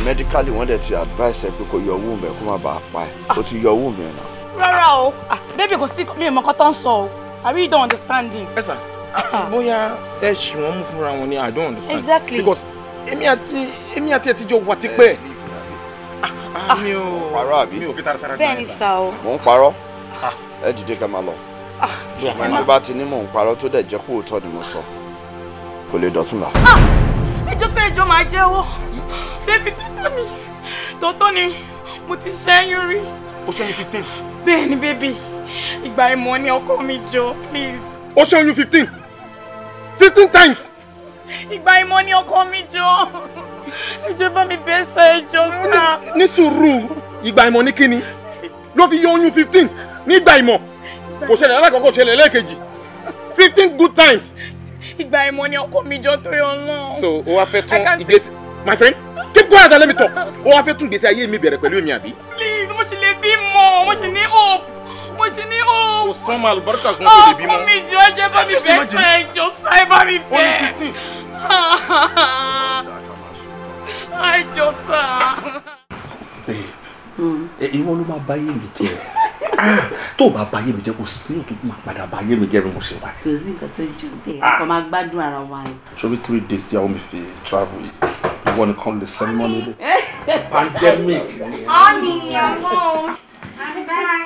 medically wọ́n dẹ̀ ti advice ẹ pé kò yọ womb ẹ kó má bàa pa ẹ o ah. ti yọ womb ẹ náà. rárá o ah, bébì kò sí mi ò mọ nǹkan tó ń sọ o i really don't understand him. ẹ sà ah, bóyá ẹ ṣì wọ́n mú fúnra wọn ni i don't understand. exactly because èmi àti èmi àti ẹ ti jọ wà tipẹ́. Eh, mi ò parọ́ àbí mi ò fi taratara gbà ẹ sà. mò ń parọ́ ẹ dìde ká máa lọ. ṣùgbọ́n ẹni bá ti ní mò ń parọ́ tó dẹ̀ jẹ́ kó o tọ́ ni mo sọ kò lè dọ̀túnla. Ah! ẹjọ́ sẹ́ ẹjọ́ máa jẹ́ owó David tó ní tòótọ́ ni mo ti ṣẹ́yún rí. o ṣẹ́yún fifteen. bẹ́ẹ̀ ni bébì ìgbà ìmọ̀ ni ọkọ mi jọ please. o ṣẹ́yún fifteen fifteen times. ìgbà ìmọ̀ ni ọkọ mi jọ ẹjọ́ bá mi bẹ́ẹ̀ sẹ́ ẹjọ́ sá. ní sùúrù ìgbà ìmọ̀ ní kíni ló fi yọ oyún fifteen nígbà ìmọ̀ kò ṣẹlẹ̀ alákọ̀ọ́kọ́ ṣẹlẹ̀ lẹ́ẹ̀kejì fifteen good times ìgbà ìmọ̀ ni ọkọ mi jọ torí ọlọ́run. so o wa fẹ́ tún ìgbésí my friend keep quiet and let me talk o wa fẹ́ tún ìgbésí ayé mi bẹ̀rẹ̀ pẹ̀lú mi àbí. please mo ṣì lè bímọ mo ṣì ní hope mo ṣì ní hope. o sàn máa lùbáríkà gan tó lè bímọ. ọkọ mi jọ jẹ bá mi bẹ sàn jọ sáì bá mi bẹ. àìjọ sàn. ìwọ ló máa bá yé mi jẹ. Ah, tó o bá ba ayé mi jẹ́ kó síyàn tó máa padà ba ayé mi jẹ́ bí mo ṣe wà. kò sí nǹkan tó jù bẹ́ẹ̀ ọkọ ah. máa gbádùn ara wa ni. sọ́bí three days tí àwọn mi fi travel yìí ìwọ nìkan lè sẹ́ni mọ́ nílé pandemic. ọ̀nì ìyàwó I'm back.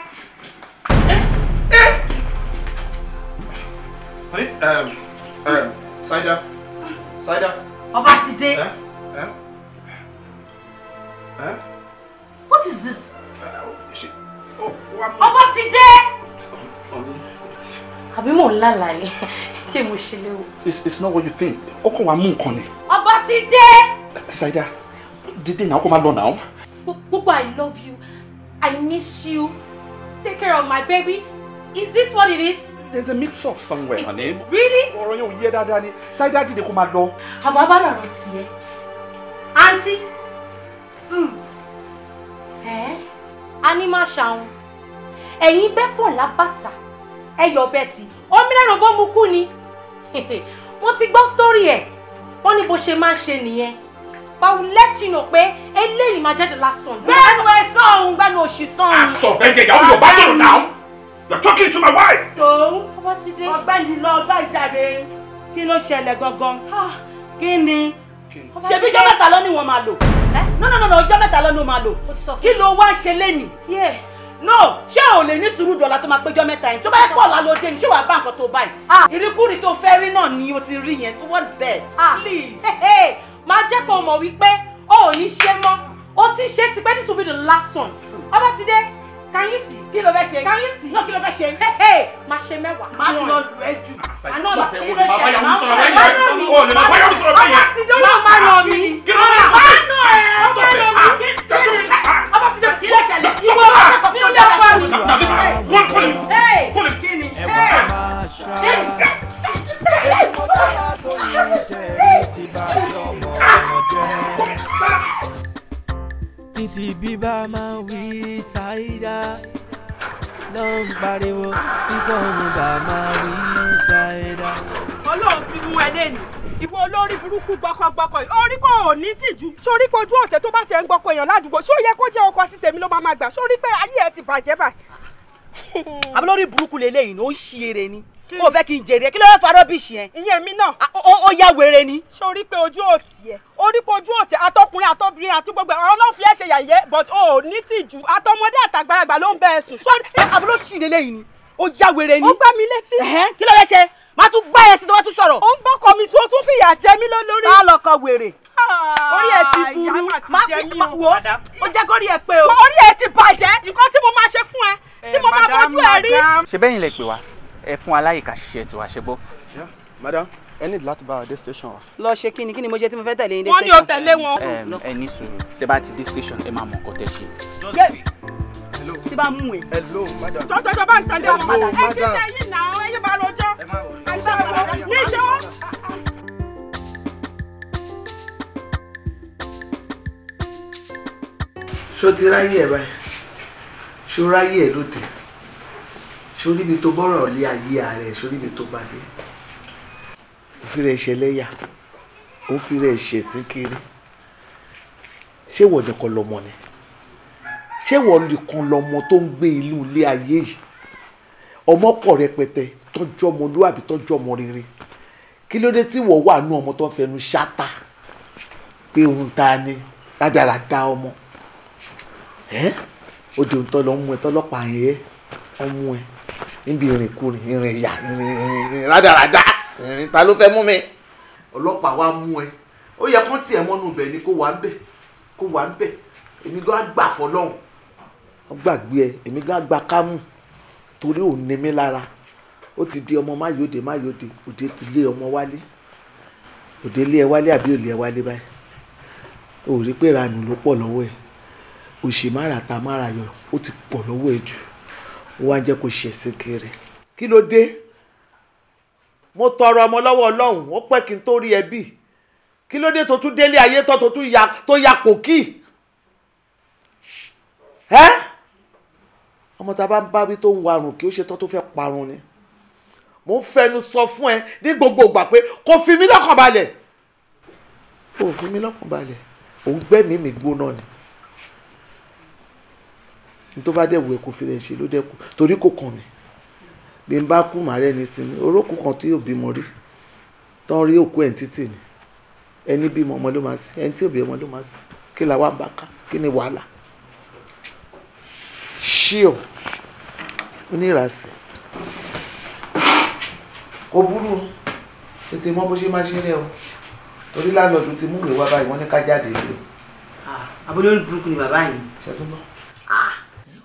Honey, um, um, cider, cider. Ọba ti dé. Eh? Eh? Eh? What is this? Uh, ọba ti dé. àbí mò ń lálàá ni ṣé mo ṣe léwu. it's it's not what you think ó kàn wá mú nǹkan ni. ọba ti dé. Saida dídé náà kó má lọ náà. gbogbo I love you I miss you take care of my baby is this what it is. There's a mix-up somewhere, honey. Really? ọ̀rọ̀ yẹn ò dáadáa ni Saida dídé kó má lọ. àmọ́ abára rẹ̀ tiẹ̀ aunty. Mm. Eh? a ní má ṣàwọn ẹ̀yin bẹ́ fọ̀n lábàtà ẹ̀yọ̀ bẹ́tì omi lẹ́rọ̀ bó mu kú ni <laughs> mo ti gbọ́ sítórì ẹ̀ wọ́n ní bó ṣe máa ń ṣe nìyẹn báwo lẹ́tì nà pé eléyìí máa jáde last one. gbẹ́nu ẹ sọ̀hún gbẹ́nu òṣì sọ̀hún. aṣọ bẹ́ẹ̀ yẹ̀yà ó yọ̀ bá yọ̀rọ̀ náà you're talking to my wife. What tòun ọgbẹ́ni lọ bá ìjà rẹ̀ kí ló ṣẹlẹ̀ gangan Ah, ni ṣebí ọjọ́ mẹ́ta ló ní wọn máa lò no no no ọjọ́ mẹ́ta ló ní wọn máa lò kí ló wá ṣe lẹ́nìí no ṣé ò lè ní sùúrù dọ̀la tó máa péjọ mẹ́ta yẹn tó bá pọ̀ lálódé ni ṣé wàá bá nǹkan tó báyìí ah. ìrìkúrì tó fẹ́ rí náà ni o ti rí yẹn so what is that ah. please. máa jẹ́ kó mọ̀ wípé o ò ní ṣe mọ́ o ti ṣe tipẹ́ this will be the last one hmm. ọba ti dé káyìísì kí ló fẹ́ ṣe káyìísì náà kí ló fẹ́ ṣe ẹ́ẹ́ máa ṣe mẹ́wàá. má ti lọ lu ẹ jù. àná ọ̀la kí ló ṣe máa ń fẹ́ máa ń rọ̀ mí. bàbá ti dọ́là máa rọ̀ mí. tọ́nu bá máa rí ṣáìdá. ọlọ́run ti mú ẹ lẹ́nu ìwọ olórí burúkú gbọkọgbọkọ yìí orí kò ní tìjú sórí pé ojú ọ̀tẹ̀ tó bá ti ń gbọkọ èèyàn ládùúgbò ṣó yẹ kó jẹ́ ọkọ àti tèmi ló máa máa gbà sórí pé ayé ẹ ti bàjẹ́ báyìí. àbúlórí <laughs> burúkú lélẹ́yìn ló ń ṣí eré ni o fẹ́ kí n jèrè kí ló fẹ́ farọ́ bíṣì yẹn. ìyẹn mi náà. ó ya wèrè ni. sori pé ojú òtí ẹ orí pé ojú òtí atọkùnrin àtọbìnrin àti gbogbo àwọn náà fi ṣe yàyẹ but o ní tìjú àtọmọdé àtàgbàlagbà ló ń bẹ ẹ sùn. àbúrò ṣì lélẹ́yìn ni ó jáwèrè ni. ó gbá mi létí. kí ló fẹ́ ṣe máa tún gbá yẹn sí tó bá tún sọ̀rọ̀. ó ń bọ́kọ mi tí wọ́n tún fìyà jẹ mí lórí. tá a lọ kọ wèrè. Ah, orí ẹ ti burú má fi wo ó jẹ́ kórìí ẹ pé o. orí ẹ ti bàjẹ́ nǹkan tí mo máa ṣe fún ẹ eh, tí mo máa fojú ẹ rí. ṣe bẹ́yìn lẹ pè wá ẹ fún aláìka ṣiṣẹ́ tiwa ṣe gbọ́. madam ẹ ní láti bá wa dé station wa. lọ ṣe kí ni kí ni mo ṣe tí mo fẹ́ tẹ̀lé yín dé station. wọ́n ní o tẹ̀lé wọn. ẹ ní sùúrù tẹ bá ti dé station ẹ máa mọ̀ nǹkan tẹ ṣe tí bá mú ẹ. tọ́tọ́ tó bá ń tẹ̀lé ọmọ padà ẹ ti sẹ́yìn náà ẹyẹ bá rojọ́ àìsàn ọ̀rọ̀ níṣó. ṣó ti ráyè ẹ báyìí ṣó ráyè ẹ lóde ṣó ríbi tó bọ́rọ̀ lé ayé ààrẹ ṣó ríbi tó bá dé ó fi rẹ̀ ṣe lẹ́yà ó fi rẹ̀ ṣe sí kiri ṣé wọ̀dẹ̀kọ̀ lọmọ ni ṣé wọ́n nìkan lọ́mọ tó ń gbé inú ilé ayé yìí ọmọ pọ̀ rẹpẹtẹ tọ́jú ọmọlúwàbí tọ́jú ọmọ rere kí ló dé tí wọ́n wà nú ọmọ tó ń fẹnu ṣáta pé òun ta ni rádaràda ọmọ ẹ ojú ń tọ́ lọ mú ẹ tọ́lọ́pàá yẹn ọmú ẹ níbi ìrìnkúrìn ìrìn ìyà ìrìn ìrìn rádaràda ìrìn ta ló fẹ́ mú mi ọlọ́pàá wa mú ẹ ó yẹ kán tiẹ̀ mọ́nú bẹ̀ ni kó wà ń bẹ̀ kó wà ń bẹ̀ èmi gan gbà fọlọ́hún gbàgbé ẹ èmi gan gba kámù torí ò ní mi lára ó ti di ọmọ máyòde máyòde òde ti lé ọmọ wálé òde lé ẹ wálé àbí òlé ẹ wálé báyìí ò rí pé ìranù ló pọ̀ lọ́wọ́ ẹ òṣì mára ta mára yọ ó ti pọ̀ lọ́wọ́ ẹ jù ó wá jẹ́ kó ṣe ẹ̀sìn kiri kí ló dé mo tọrọ ọmọ lọ́wọ́ ọlọ́run ó pẹ́ kí n tó rí ẹbí kí ló dé tó tún délé ayé tó tó tún ya tó ya kò kí Eh? ọmọ tá a bá ń bá wí tó ń warùn kí ó ṣe tán tó fẹ́ parun ni mo ń fẹnu sọ fún ẹ ní gbogbo ìgbà pé kò fi mí lọ́kàn balẹ̀ kò fi mí lọ́kàn balẹ̀ òun gbẹ́mìí mi gbóná ni tó bá dẹ̀ wù ẹ́ kó fi rẹ̀ ṣe ló dẹ̀ kú torí kò kàn mí bí n bá kú màá rẹ̀ ní sinmi orókùn kan tí yóò bímọ rí tán rí òkú ẹ̀ ń títì ni ẹni bímọ ọmọ ló máa sìn ẹni tí ò bí ọmọ ló máa sìn kí làwọn àbáká kí ni wàhálà ṣíò onírasẹ̀ kò burú tètè mọ bó ṣe máa ṣe rẹ o torí láńlọ́ọ̀dù ti mú ìwé wá báyìí wọ́n ní ká jáde nílé o. àbúrò orí burúkú ni bàbá yìí. ṣe tó ń bọ̀.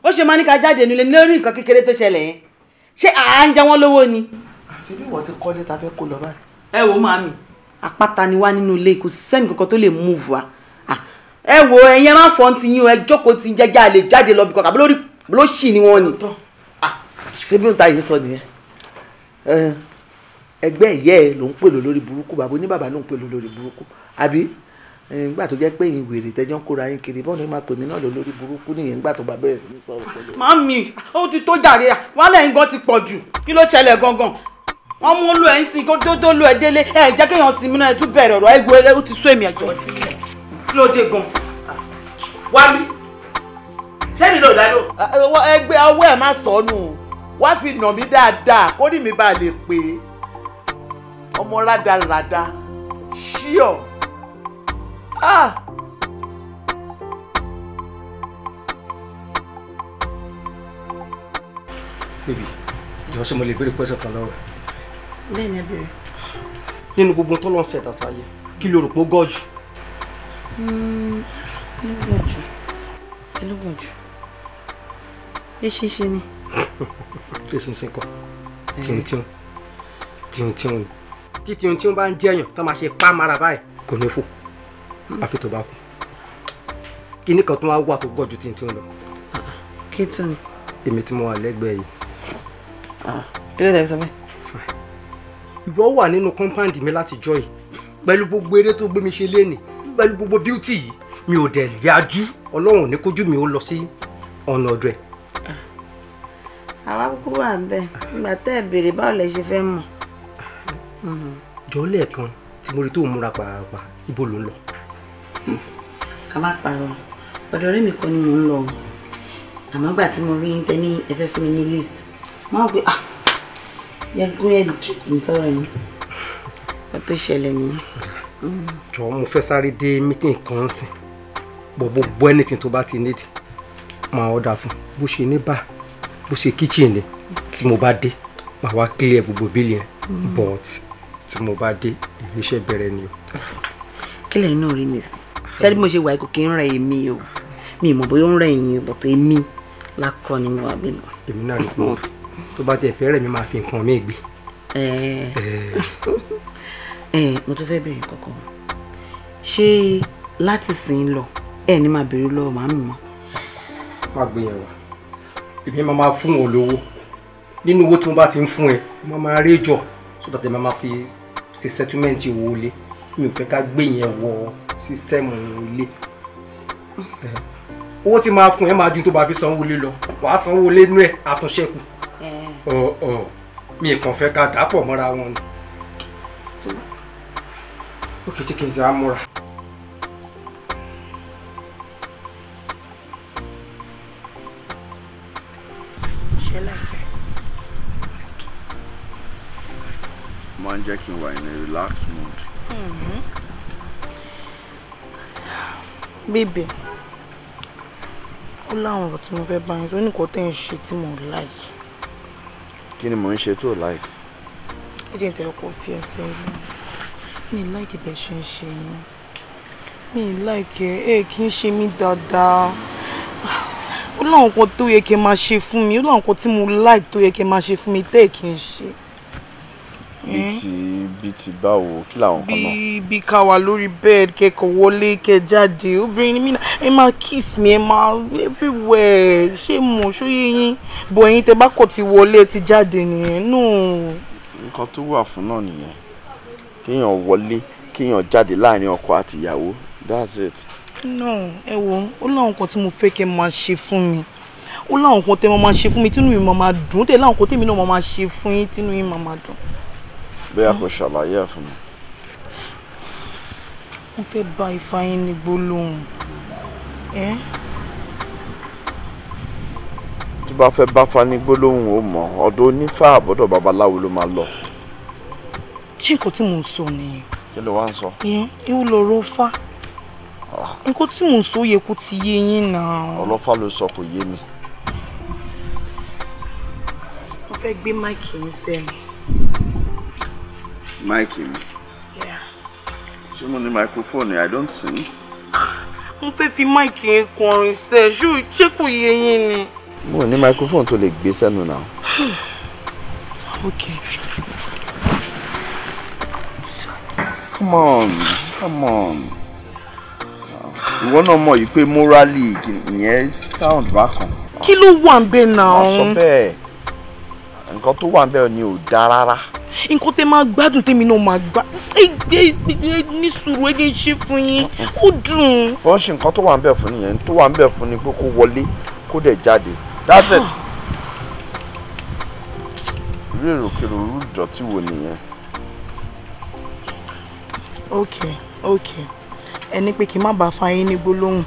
ó ṣe máa ní ká jáde nílé lórí nǹkan kékeré tó ṣẹlẹ̀ yẹn ṣé àá ń jẹ wọ́n lówó ni. ṣé bí wọ́n ti kọ́lé ta fẹ́ kó lọ báyìí. ẹ wo màmí apáta ni wá nínú ilé kò sẹ́ni kankan tó lè move wa ẹ wo ẹ̀yin ẹ má ti yín o ẹ jókòó ti jẹ́jẹ́ àlè jáde lọ bìkọ́ àbúrò orí ló ṣì ni wọ́n ni tán ah, ṣé bí n ta yìí sọ nìyẹn ẹgbẹ́ ìyá ẹ ló ń pè ló lórí burúkú bàbá oní bàbá ló ń pè ló lórí burúkú àbí ngbà tó jẹ́ pé ìyìn wèrè tẹ́jọ́ ń kóra yín kiri bọ́ọ̀lù máa pè mí náà ló lórí burúkú nìyẹn ngbà tó bá bẹ̀rẹ̀ sí ní sọ̀rọ̀ pẹ̀lú. màámi ó ti tó jàre à wọn lẹ́yìn gan ti pọ̀ jù kí ló ṣẹlẹ̀ gangan wọn mú lu ẹ̀ ń sìn kó tó tó lu ẹ̀ délé ẹ̀ jẹ́ kéèyàn sinmi náà ẹ̀ tún bẹ̀rẹ̀ ọ̀rọ̀ ẹ̀ gbọ́ ẹ̀ ó ti sún èmi ẹ̀jọ̀ kí ló dé gan ah, wálé ṣé mi lò dájú. ẹgbẹ́ ọwọ́ ẹ̀ má sọnù wá fi nà mí dáadáa kó ní mi bá lè pè é ọmọ rádaràda ṣíọ. Ah! bèbí jọ ṣe mo lè béèrè pẹ́sẹ̀ kan lọ́wọ́. bẹ́ẹ̀ni ẹ béèrè. nínú gbogbo tó lọ ń ṣẹ̀dá sáyé kí ló rò pé ó gọ̀ jù. Hmm, ó gọ̀ jù ó gọ̀ jù eṣinṣin ni. eṣinṣin kọ tíuntíun tíuntíun ni tí tíuntíun bá ń jẹyàn tó máa ṣe pàmára báyìí kò ní fò àfi tó bá kú kíní kan tó wá wà tó gbọ́ ju tíuntíun lọ. kí tún ni. èmi tí mo wà lẹ́gbẹ̀ẹ́ yìí. Ah, kí ló dé sọ bẹ́ẹ̀. ìwọ wà nínú kọ́ńpáǹdì mi láti jọ yìí pẹ̀lú gbogbo eré tó gbé mi ṣe léènì pẹ̀lú gbogbo bíútì yìí mi ò dẹ̀ yájú ọlọ́run ò ní kójú mi ó lọ sí ọ̀nà ọ̀dọ̀ ẹ̀ àwa kúkú wà ń bẹ̀ nígbà tẹ́ ẹ̀ béèrè báwo lẹ ṣe fẹ́ mọ̀. jọ lẹ́ẹ̀kan tí mo rí tó múra pàápàá ibo ló ń lọ. ká má parọ́ ọ̀dọ̀ ọ̀rẹ́ mi kan ni mò ń lọ àmọ́ gbà tí mo rí ń tẹ ní ẹ̀fẹ́ fún mi ní lift wọ́n gbé ah yẹ kó yẹ treat me sọ̀rọ̀ yẹn wọ́n tó ṣẹlẹ̀ nìyẹn. jọ mo fẹ́ sáré dé mítìn kan sí gbogbo anything tó bá ti nídìí máa ọ̀dà fún bó ṣe ní báà mo ṣe kitchen ni tí mo bá dé màá wá clear gbogbo bílì yẹn mm. but tí mo bá dé ìrìnsẹ̀ bẹ̀rẹ̀ ni o. kílẹ̀ inú rí mi sí ṣáà mo ṣe wà kò kí ń rẹ èmi o mi ì mọ̀ bóyá ó ń rẹ èyàn bọ̀tọ̀ èmi lákọ ni mo wà bí mo. èmi náà nìkan tó bá tẹ̀ fẹ́rẹ̀ mi máa fi nǹkan mi gbé. mo tún fẹ́ bèrè kọ̀ọ̀kan ṣé láti sìn lọ ẹ̀ ní máa bèrè lọ́wọ́ màmí mọ́. má gbé yẹn èmi máa máa fún wọn lówó nínú owó tí mo bá ti ń fún ẹ mo máa rí jọ so that ẹ máa máa fi ṣe settlement owó ilé mi ò fẹ́ ká gbé yẹn wọ sísítẹ́ẹ̀mù ilé owó tí máa fún ẹ máa ju tó bá fi sanwó ilé lọ wàá sanwó ilé nú ẹ àtúnṣe kù mi kàn fẹ́ ká dàpọ̀ mọ́ra wọn ni. ó kìí ṣe kìí múra. máa ń jẹ́ kí n wà in a relaxed mood. Hmm. bèbè ó láwọn ọ̀rọ̀ tí mo fẹ́ bá yín sọ nìkan tẹ́ ń ṣe tí mo láyè. kí ni mò ń ṣe tó láì. ó jẹ́ ìtẹ̀wé kó fi ẹsẹ̀ ilé me, láìkí bẹ́ẹ̀ ṣe ń ṣe yín mi láìkí ẹ kí n ṣe mí dáadáa ah, ó láwọn kan tó yẹ kí ẹ máa ṣe fún mi ó láwọn kan tí mo bíi hmm. ti bíi ti báwo kí làwọn kan náà. bíi bíi ká wà lórí bed kẹkọọ wọlé kẹjáde obìnrin mi náà ẹ máa kiss mi ẹ máa everywhere ṣé mo ṣóyè yín bọ̀ ẹ̀yin tẹ bá kò ti wọlé ti jáde nìyẹn nù. nǹkan tó wà fún náà nìyẹn kéèyàn wọlé kéèyàn jáde láàrin ọkọ àti ìyàwó that's it. náà ẹ wo ó láwọn kan tí mo fẹ́ kẹ́ máa ṣe fún mi ó láwọn kan tẹ́ mo máa ṣe fún mi tínú mi máa dùn ó dẹ̀ láwọn kan tẹ́mi náà máa ṣe fún yín tínú yín máa dùn bóyá kò ṣàlàyé ẹ̀ fún mi. mo fẹ́ bá Ifáyín ní gbólóhùn ẹ́. tó bá fẹ́ bá fani gbólóhùn ó mọ̀ ọ̀dọ̀ onífá àbọ̀dọ̀ babaláwo ló máa lọ. ṣé nǹkan tí mò ń sọ nìyẹn. kí ló wá ń sọ. ewu lọ̀rọ̀ fá ah. nǹkan tí mò ń sọ yẹ kó ti yé yín náà. ọlọ́fà ló sọ kò yé mi. mo fẹ́ gbé máìkì yín sẹ́nu máìkì Yeah. ṣé mo ní microphone i don't sing. mo fẹ́ fi máìkì yẹn kọrin sẹ́ ṣé kò yé yín ni. mo ní microphone tó lè gbé sẹ́nu náà. <sighs> okay. come on come on ìwọ náà mọ̀ yìí pé morally ìyẹn sound bákan. kí ló wà ń bẹ́ẹ̀ náà. wọ́n sọ bẹ́ẹ̀ nǹkan tó wà ń bẹ́ẹ̀ ni ò dáa rárá nǹkan tẹ máa gbádùn tèmi náà máa gbá ní sùúrù ẹ jẹ́ ṣe fún yín ó dùn. wọ́n ṣe nǹkan tó wà ń bẹ̀ fún nìyẹn tó wà ń bẹ̀ fún ni pé kó wọlé kó dẹ̀ jáde that's it. irú èròkèrò irú ìdọ̀tí wo nìyẹn. ok ok ẹni pé kí n má bàa fa yín ní gbólóhùn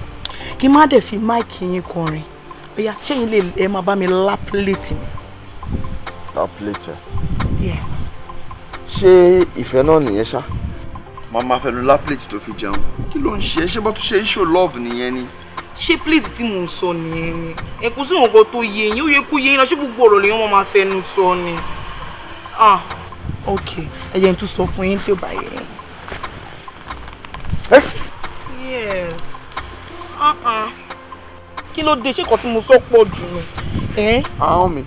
kí n má dẹ̀ fi máìkì yín kọrin bóyá ṣẹ́yìn lè ẹ máa bá mi lá mi. lá yes ṣé ìfẹ́ náà nìyẹn ṣá. màmá fẹ́ lo lápẹ́lẹ́tì tó fi jẹun kí ló ń ṣe é ṣé bó tún ṣe ń ṣò love nìyẹn ni. ṣé pléètì tí mò ń sọ nìyẹn ni ẹkún sí nǹkan tó yé yín ó yẹ kó yé yín lọ ṣé gbogbo ọ̀rọ̀ lèyàn máa fẹnu sọ ni. Ah, ok ẹ n tún sọ fún yín tí ó bá yẹ yín. yes uh-uh. kí ló dé ṣé kan tí mo sọ pọ̀ jù ni. ahọ́n mi.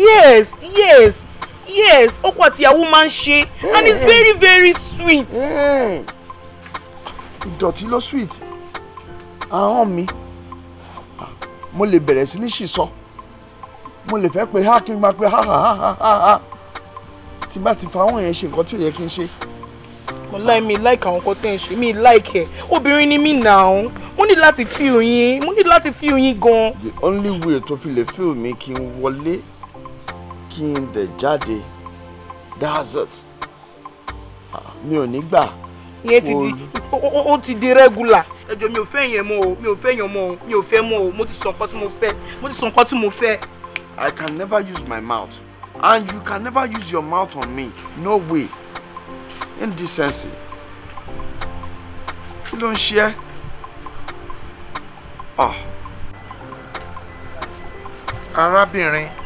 yes yes yes ọkọ àtìyàwó máa ń ṣe and it's very very sweet. Mm-hmm. ìdọ̀tí ló sweet ahọ́n mi mo lè bẹ̀rẹ̀ sí ní ṣìṣọ́ mo lè fẹ́ pé ha kí n máa pe ha ha ha ha ha tí bá ti fa àwọn yẹn ṣe nǹkan tí ò yẹ kí n ṣe. mo láì mi láìka àwọn nǹkan tẹ́ ń ṣe mi láìkẹ́ obìnrin ni mí nà án mo ní láti fi òyìn mo ní láti fi òyìn gan. the only way to fi lè fi òmí kí n wọlé kí n dẹ̀ jáde mi ò ní gbà. ìyẹn ti di ó ti di regular ẹjọ mi ò fẹ́ yẹn mọ́ o mi ò fẹ́ yẹn mọ́ o mi ò fẹ́ mọ́ o mo ti sọ nǹkan tí mo fẹ́ mo ti sọ nǹkan tí mo fẹ́. I can never use my mouth and you can never use your mouth on me no way In indecency kí ló ń ṣe ẹ́ ah. arábìnrin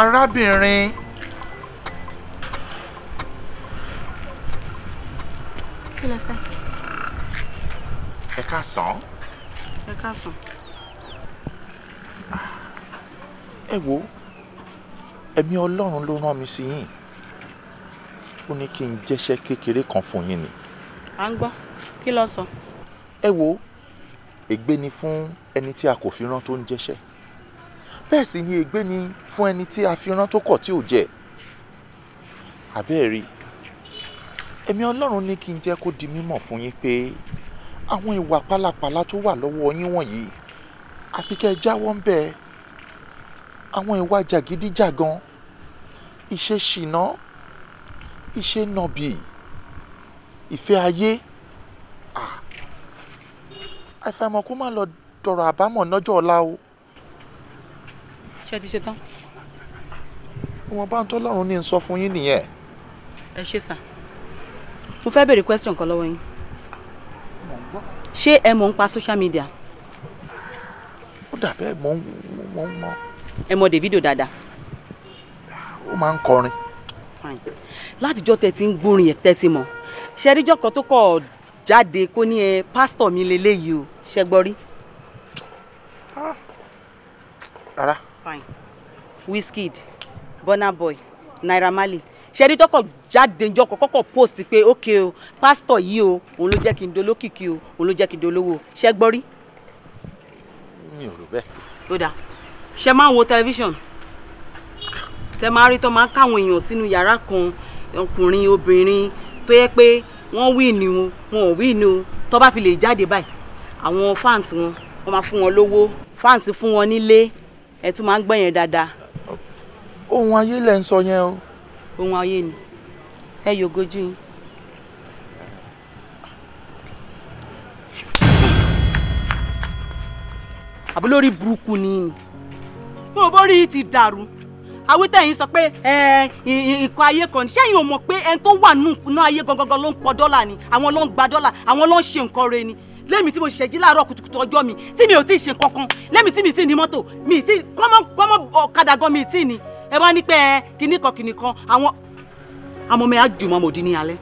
arábìnrin kí lẹ fẹ́. ẹ káàsán. ẹ káàsán. ẹ wo ẹ̀mí ọlọ́run ló rán mi sí yín ó ní kí n jẹ́ṣẹ́ kékeré kan fún yín ni. à ń gbọ́ kí ló sọ. ẹ wo ègbé ni fún ẹni tí a kò fi rán tó ń jẹ́ṣẹ́ bẹ́ẹ̀ sì ni ègbé ni fún ẹni tí a fi rán tó kọ̀ tí ò jẹ́ àbẹ́ẹ̀rí ẹ̀mí ọlọ́run ní kí n jẹ́ kó di mímọ̀ fún yín pé àwọn ìwà pálapàla tó wà lọ́wọ́ yín wọ̀nyí àfi kẹ́ ẹ jáwọ́ ń bẹ́ẹ̀ àwọn ìwà jàgídíjàgan ìṣe ṣìnà ìṣe nọ̀bì ìfẹ́ ayé àìfàìmọ̀ kó má lọ dọ̀rọ̀ àbámọ̀ lọ́jọ́ ọ̀la o ṣé ẹ ti ṣe tán. ọmọ bá ń tọ́ lọ́rùn ní n sọ fún yín nìyẹn. ẹ ṣe sà mo fẹ́ béèrè question kan lọ́wọ́ yín ṣé ẹ mọ̀ ń pa social media. ó dàbẹ́ mọ̀ ń mọ̀. ẹ mọ̀ Davido dáadáa. ó máa ń kọrin. látijọ́ tẹ ti ń gbórin yẹn tẹ́tí mọ̀ ṣe ẹríjọ́ kan tó kọ̀ jáde kó ní ẹ pásítọ̀ mi lélẹ́yìí o ṣe gbọ́ rí. Ah. rárá. Ah fine Wizkid Burna Boy Naira Marley ṣẹ́rí tọkọ̀ jáde njọ́ kọ́kọ́ post pé ok o pásítọ̀ yìí o òun ló jẹ́ kí n dolókìkí o òun ló jẹ́ kí n dolówó ṣe gbọ́ rí. mi ò rò bẹ́ẹ̀. ó dáa ṣe máa ń wo tẹlifíṣàn tẹ máa rí tó máa ń káwọn èèyàn sínú yàrá kan ọkùnrin obìnrin tó yẹ pé wọ́n wí ni wọn wọn ò wí ni wọn tó bá fi lè jáde báyìí àwọn fans wọn wọ́n máa fún wọn lówó fans fún wọn nílé ẹ tún máa ń gbọ́ yẹn dáadáa. ohun ayé lẹ ń sọ yẹn o. ohun ayé ni ẹ yògojú yín. àbí lórí burúkú ni ni mo bórí ti dàrú awítẹ̀yìn sọ pé nǹkan ayé kan ṣẹ́yìn ò mọ̀ pé ẹni tó wà nínú ayé gangan ló ń pọ̀ dọ́là ni àwọn ló ń gba dọ́là àwọn ló ń ṣe nǹkan rẹ ni lẹ́mi tí mo ṣẹ̀ṣẹ̀ jí láàárọ̀ kùtùkùtù ọjọ́ mi tí mi ò tí ì ṣe kankan lẹ́mi tí mi ti ní mọ́tò mi ti kọ́mọ́ kọ́mọ́ ọ̀kadà gan mi ti ní ẹ wá ní pẹ́ kinní kan kinní kan àwọn àmọ́ mi á jù mọ́ mòdì ní alẹ́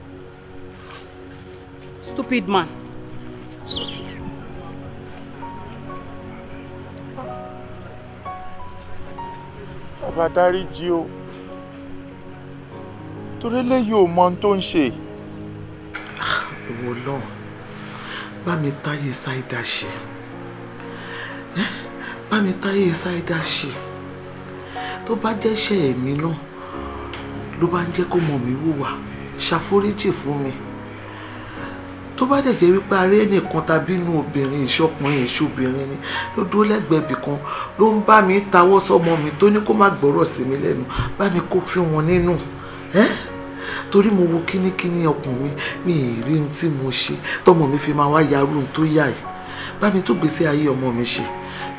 stupid man. bàbá dáríjì o torí eléyìí ò mọ ohun tó ń ṣe. Ah, ìwọ lọ́hùn bá mi táyé ṣáídà ṣe bá mi táyé ṣáídà ṣe tó bá jẹ́ṣẹ́ ẹ̀mí náà ló bá ń jẹ́ kó mọ̀ mí wùwà ṣàforíjì fún mi tó bá dẹ̀ jẹ́ wípé aré ẹnìkan tàbí inú obìnrin ìṣọkùnrin ìṣobìnrin ni ló dúró lẹ́gbẹ̀ẹ́ ibì kan ló ń bá mi tawọ́ sọmọ mi tó ní kó má gbọ́rọ̀ sí mi lẹ́nu bá mi kó sí wọn nínú Eh? torí mo wo kínníkínní ọkàn mi mi ì rí ohun tí mo ṣe tọmọ mi fi máa wá yarú ohun tó yà yìí bá mi tó gbèsè ayé ọmọ mi ṣe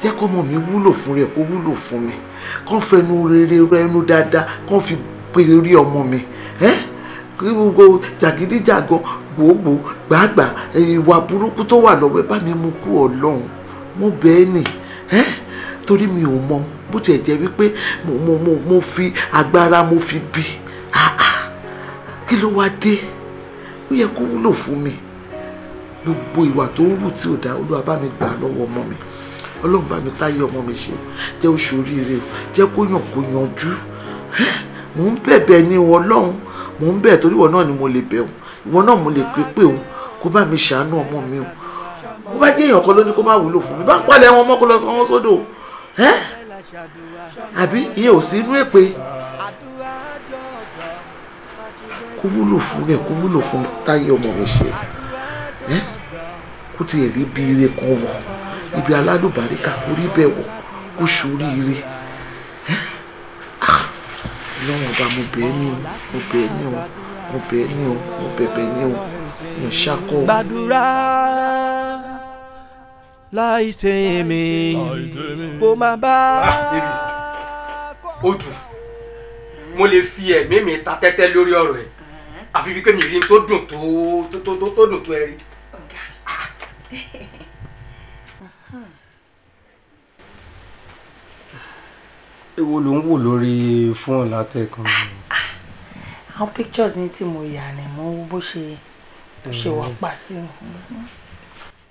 jẹ́ kọ́mọ mi wúlò fún rẹ̀ kó wúlò fún mi kàn fẹnu rere rẹnu dáadáa kàn fi pe orí ọmọ mi ẹ́ kí gbogbo jàgídíjàgan gbòógbò gbàgbà ìwà burúkú tó wà lọ́wọ́ ẹ bá mi mú kú ọlọ́run mo bẹ́ẹ̀ nì ẹ́ torí mi ò mọ bó tiẹ̀ jẹ́ wípé mo mo mo fi agbára mo fi bí ah ah kí ló wá dé ó yẹ kó wúlò fún mi gbogbo ìwà tó ń wù tí ò dá olúwa bá mi gbà lọ́wọ́ ọmọ mi ọlọ́run bá mi táyé ọmọ mi ṣe jẹ́ oṣù oríire o jẹ́ kó yàn kó yanjú mò ń bẹ̀bẹ̀ ní ìwọ ọlọ́run mò ń bẹ̀ torí ìwọ náà ni mo lè bẹ̀ òun ìwọ náà mo lè pè pé òun kó bá mi ṣàánú ọmọ mi o bó bá jẹ́ èèyàn kan ló ní kó má wúlò fún mi bá ń palẹ̀ wọn mọ́ kó lọ sọ wọn sódò àbí ìyẹn ò sí èpè kó wúlò fún rẹ̀ kó wúlò fún táyé ọmọ mi ṣe ẹ́ kó tiẹ̀ rí bí ire kan wọ̀ ibi alálùbáríkà kó rí bẹ́ẹ̀ wọ̀ kó ṣoríire ẹ́ ah, lọ́wọ́n ọba mo bẹ̀ ní o mo bẹ̀ ní o mo bẹ̀ ní o mo bẹ̀bẹ̀ ní o mo ṣàkó. gbàdúrà láìsè mi kó máa bá. odù mo lè fi ẹ̀mí mi ta tẹ́tẹ́ lórí ọ̀rọ̀ ẹ̀ àfi wípé mi rí tó dùn tó tó tó tó dùn tó ẹ rí. ọ̀gá èwo <laughs> ló ń wò lórí fóònù látẹ̀kùn. àwọn pictures ní tí mo yà ni mo bó ṣe bó ṣe wà mm. pa sí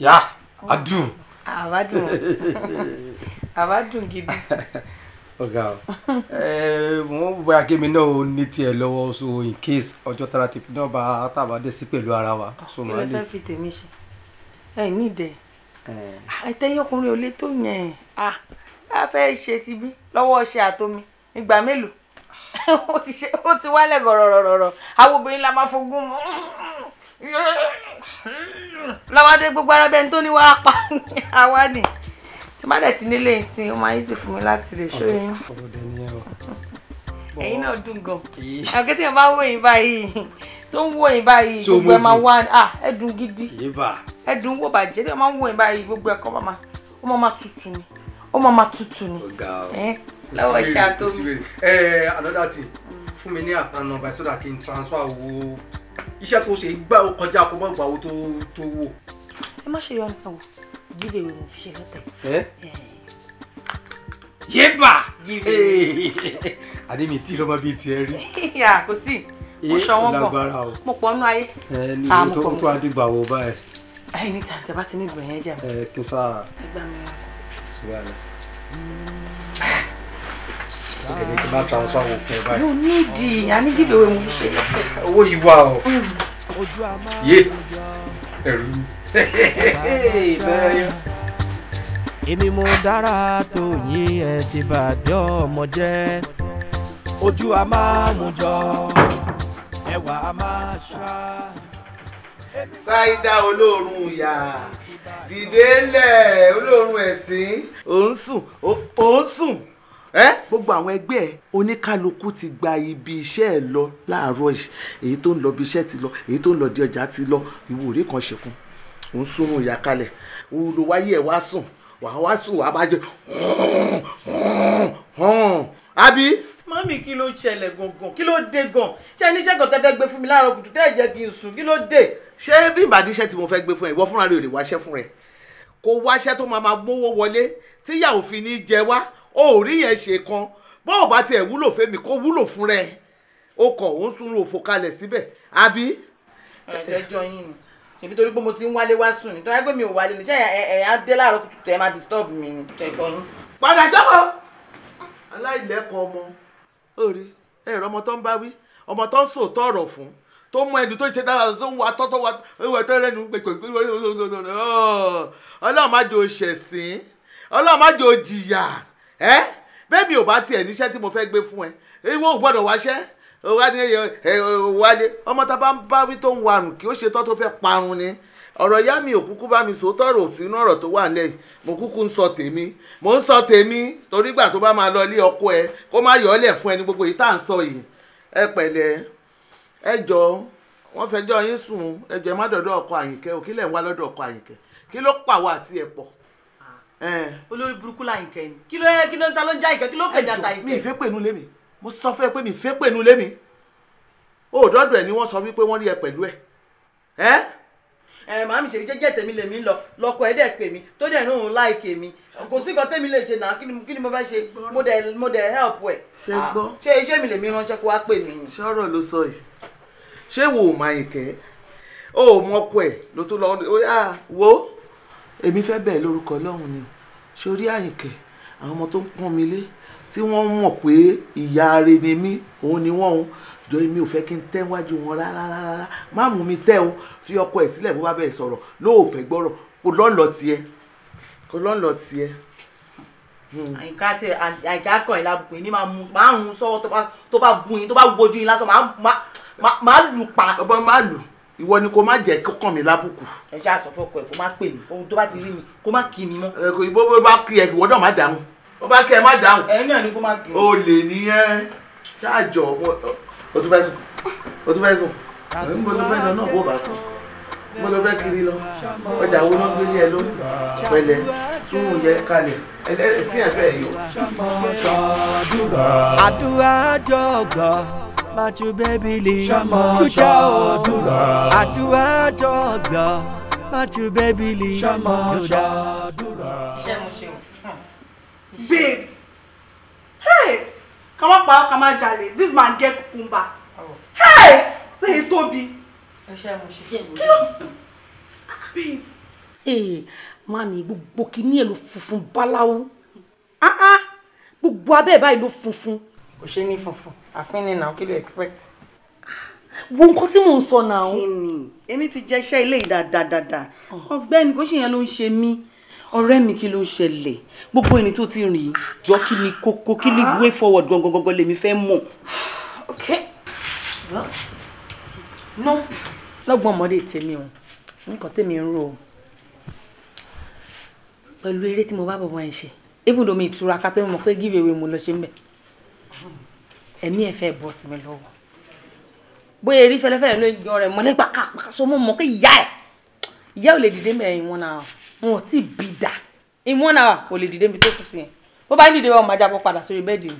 yá adùn. àbádùn <laughs> àbádùn gidi. <laughs> ọ̀gá <laughs> wọn bóyá kémi náà ò ní tiẹ̀ lọ́wọ́ so in case ọjọ́ tára ti fi náà bá tàbá dé sí pẹ̀lú ara wa. kí ló fi tèmi ṣe ẹ ní ìdẹ àìtẹ́yìn ọkùnrin ò lè tó yẹn a fẹ́ ṣe ti bí lọ́wọ́ ṣe àtomi ìgbà mélòó <laughs> ó ti wálẹ̀ gọ̀rọ̀rọ̀rọ̀ àwọn obìnrin la máa fogún mu lọ́wọ́dé <laughs> gbogbo ara bẹ́ẹ̀ tó ní wàá pa àwa ni tí má dẹ̀ ti nílé ìsìn ó máa easy fún mi láti lè ṣó yín. <laughs> ẹ̀yin náà dùn gan ẹ̀kẹ́ tí mo bá wò yín báyìí tó ń wò yín báyìí gbogbo ẹ̀ máa wá ẹ̀dùn gidi ẹ̀dùn wò bàjẹ́ tí mo máa ń wò yín báyìí gbogbo ẹ̀ kọ́ máa ó máa máa tutù ni ó máa máa tutù ni lọ́wọ́ ṣe àtọ́mi. ẹ ẹ another thing fún mi ní àpá nọ́mbà so that kí n transfer owó iṣẹ́ tó ṣe gbà ó kọjá kó mọ́ gbà owó tó wò. ẹ má ṣe yọ nípa wò jíbèrè eh, mo fi ṣe lọ́tẹ̀. yébà àdé mi tí lọ́mọ bíi tiẹ̀ rí. kò sí mo ṣọ wọn bọ̀ mo pọ̀ nú ayé. ẹni tó tó àdìgbà wo báyìí. ẹni tàbí tẹ bá ti ní ìgbọ̀n yẹn jẹ. ẹ kí n sá sùúrù àná. ẹni tí bá transfer wò fún ẹ báyìí. yóò ní ìdí ìyá ní jíbèrè mo fi ṣe lọ́tẹ̀. owó yìí wà o mm. yé ẹ̀rù mi èmi mo dára tó yín ẹ ti bàjẹ́ ọmọ jẹ́ ojú a máa mú jọ ẹwà a máa ṣá. ṣáídá olóòórùn ìyá dìde ńlẹ̀ olóòórùn ẹ̀sìn ò ń sùn ò ń sùn gbogbo àwọn ẹgbẹ́ ẹ oníkálukú ti gba ibi iṣẹ́ ẹ lọ láàárọ̀ èyí tó ń lọ ibi iṣẹ́ ti lọ èyí tó ń lọ di ọjà ti lọ ìwúrí kan ṣekun ń sunrun ìyá kalẹ̀ olú wáyé ẹ̀ wá sùn wàá wá sùn wàá bá jẹ àbí. mami kí ló ṣẹlẹ̀ gangan kí ló dé gan ṣé níṣẹ́ kan tẹ́tẹ́ gbé fún mi láàárọ̀ kùtù tẹ́ ẹ̀ jẹ́ kí n sùn kí ló dé. ṣé bí ìbàdí iṣẹ́ tí mo fẹ́ gbé fún ẹ ìwọ fúnra rẹ ò lè wáṣẹ́ fún rẹ kó wáṣẹ́ tó máa máa gbówó wọlé tíyàwó fi ní jẹ wá o ò rí yẹn ṣe kan bọ́ọ̀ bá tiẹ̀ wúlò fẹ́mi kó wúlò fún rẹ o kọ̀ ó ń sunrun òfò kalẹ̀ síbẹ̀ àbí. ẹ̀jẹ̀ yín ni ṣèbí torí pé mo ti ń wálé wá sùn nítorí ẹgbẹ́ mi ò wálé níṣẹ́ ẹ̀yà dé láàárọ̀ kùtù tẹ̀ máa disturb mi ní ṣẹ̀gbọ́n yín. padà jọ́bọ̀ aláìlẹ́kọ̀ọ́ ọmọ òòrè ẹ̀rọ ọmọ tó ń bá wí ọmọ tó ń sòótọ́ ọ̀rọ̀ fún tó mọ ẹni tó ṣe dára tó ń wa tọ́tọ́ wa ẹwẹ́ tó lẹ́nu pẹ̀pẹ̀ ọlọ́run má jò ṣẹ̀sín ọlọ́run má jò jìyà ẹ́ bẹ́ẹ̀ mi ò bá tiẹ̀ níṣẹ́ tí mo fẹ́ gbé fún ẹ ewu ò gbọ́dọ̀ wáṣẹ́ wádìí ẹ wádìí ọmọ tá a bá ń bá wí tó ń warùn kí ó ṣe tán tó fẹ́ parun ni ọ̀rọ̀ ìyá mi ò kúkú bá mi sòótọ́ ọ̀rọ̀ sínú ọ̀rọ̀ tó wà nílẹ̀ mo kúkú ń sọ tèmi mo ń sọ tèmi torí gbà tó bá máa lọ ilé ọkọ ẹ kó má yọ ọ́lẹ̀ fún ẹni gbogbo yìí tá à ń sọ yìí ẹ pẹ̀lẹ́ ẹ jọ wọ́n fẹjọ́ yín sùn ẹ jọ ẹ má dọ̀dọ̀ ọkọ àyìnkẹ́ ò kí lẹ̀ ń wá lọ́dọ̀ ọkọ àyìnkẹ́ kí ló pàwọ́ àti ẹ̀ pọ̀. Ah, olórí burúkú làyìnkẹ́ ni kí ló ń ta ló ń já ìkẹ́ kí ló kẹjà ta ìkẹ́. mi ì mo sọ fún ẹ pé mi fẹ́ pẹ̀lú lémi òdọ́dọ̀ ẹ̀ ni wọ́n sọ wípé wọ́n rí ẹ pẹ̀lú ẹ ẹ́. ẹ màámi ṣe jẹ́jẹ́ tèmi lèmi lọ lọkọ ẹ̀ dẹ̀ pè mí tó dẹ̀ ní òun láìkè mi kò sí nǹkan tèmi lè ṣe náà kí ni mo fẹ́ ṣe mo dẹ̀ mo dẹ̀ help ẹ̀. ṣe ah, gbọ́ ṣé iṣẹ́ mi lèmi ránṣẹ́ kó wá pè mí. sọ̀rọ̀ ló sọ yìí ṣé wo ò máa ìkẹ́ o ò mọ ọkọ ẹ̀ ló tún lọ wo èmi fẹ́ bẹ̀ lórúkọ Ọlọ́run ni ṣorí àyìnkẹ́ àwọn ọmọ tó ń pọ́n mi lé tí wọ́n mọ̀ pé ìyá are ni mí òun ni wọ́n ń jọ mi ò fẹ́ kí n tẹ́ wájú wọn rárá rárá má mú mi tẹ́ o fi ọkọ ẹ̀ sílẹ̀ bó bá bẹ̀rẹ̀ sọ̀rọ̀ lóòfẹ́ gbọ́rọ̀ kò lọ́nlọ́ tiẹ̀ kò lọ́nlọ́ tiẹ̀ nǹkan hmm. tí àìká kàn yín lábùkún yín ní máa mú máa ń sọ́wọ́ tó bá bú yín tó bá wojú yín lásán máa lù pa. ọba máa lù ìwọ ni kò má jẹ́ kó kàn mí lábùkù. ẹ ṣáà sọ fọkọ ẹ kó má pè mí ohun tó bá ti rí mi kó má kí mi mọ́. ẹ bá kí ẹ ìwọ náà má dàrún ó bá kẹ́ ẹ má dáhùn. ẹ̀yin náà ni kó má kẹ́. o lè nìyẹn ṣáàjọ o tún fẹ́ sùn o tún fẹ́ sùn níbo ló fẹ́ lọ náà bó bá sùn níbo ló fẹ́ kiri lọ ọjà wo ló gbé ní ẹ lórí pẹ̀lẹ́ sùn yẹ kalẹ̀ ẹlẹ́sì ẹ̀fẹ́ yìí o. àdúrà jọ̀gbọ̀ májú bẹ́bí lè kújọ́ òdúrà àdúrà jọ̀gbọ̀ májú bẹ́bí lè yọ̀dá. ṣé mo ṣe o babes hey ká má pa ká má jalè this man get cucumber hey lẹ́yìn e tóbi. babes. ee eh, máa ní gbogbo kìíní ẹ̀ ló funfun báláwo ah, ah, gbogbo abẹ́ ẹ̀ báyìí ló funfun. kò ṣe ní funfun àfin ni náà kí ló expect wo nǹkan tí mò ń sọ náà. kí ni èmi ti jẹ iṣẹ́ ilé yìí dáadáa oh. ọ̀gbẹ́ni kò ṣèyàn ló ń ṣe mí ọ̀rẹ́ mi kí ló ṣẹlẹ̀ gbogbo ẹni tó ti rìn jọ kí ni kókó kí ni way forward gangan gangan lèmi fẹ́ mọ̀. ok no lọ́gbọ́n ọmọdé tèmi o nǹkan tèmi ń rò ó pẹ̀lú eré tí mo bá bọ̀bọ̀ ẹ̀ ṣe even though mi ìtura ká tó mọ̀ pé give away mo lọ ṣe ń bẹ̀ ẹ̀mí ẹ̀ fẹ́ bọ́ sí mi lọ́wọ́ bóyá eré fẹ́lẹ́fẹ́lẹ́ ló ń yan rẹ̀ mọ́lẹ́gbàkà so mo mọ̀ pé ìyá ẹ̀ ìyá ò lè dìde mẹ́rin wọn náà wọn ò tí ì in one hour kò lè dìde mi tó sùn sí yẹn bó bá ń dìde wọn máa jábọ́ padà sórí bẹ́ẹ̀dì ni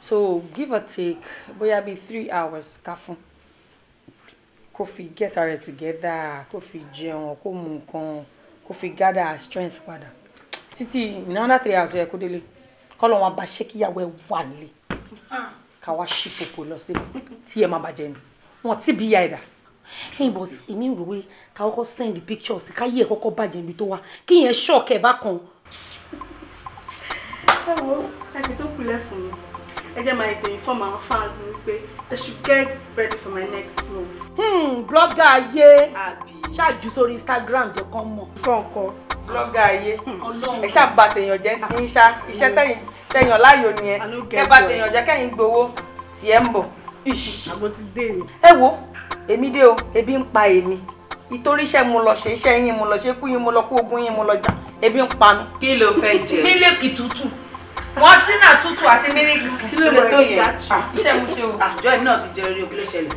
so give or take bóyá bíi three hours ká fún kó fi get our together kó fi jẹun kó mu nǹkan kó fi gather our strength padà títí in another three hours yẹ kó délé kọ́ lọ́wọ́ bá ṣé kíyàwó ẹ wà lé ká wá ṣí pòpò lọ síbi tí ẹ má bàjẹ́ ni wọn ti bí ya ẹ̀dá ní ìbò èmi rò wé ká kọ́kọ́ send pictures káyé ẹ̀ kọ́kọ́ bàjẹ́ ibi tó wà kí yẹn ṣọ́ọ̀kẹ́ bákan. ẹ wo ẹni tó kulẹ̀ fún mi ẹ jẹ́ máa ètò inform àwọn fans mi pé they should get ready for my next move. Hmm, blogger ayé ṣáàjú sórí Instagram jẹ́ kán mọ̀. fọ́nkọ blogger ayé hmm. ẹ ṣàbà tèèyàn jẹ́ ti ń ṣá iṣẹ́ hmm. tẹ̀yàn láàyò nìyẹn kẹ́ bá tèèyàn jẹ́ gbowó tiẹ̀ ń bọ̀. àgbo ti dé mi. ẹ wo èmi dé o ebi ń pa èmi ìtorí iṣẹ́ mu lọ ṣe iṣẹ́ yín mu lọ ṣe kú yín mu lọ kú ogun yín mu lọ jà ebi ń pa mi. kí ló fẹ́ jẹ. mílíkì tútù wọn tí náà tútù àti mílíkì kí ló lè tó yẹ ah. iṣẹ́ mu ṣe o. àjọ ah, èmi náà ti jẹ orí òkè ló ṣẹlẹ̀.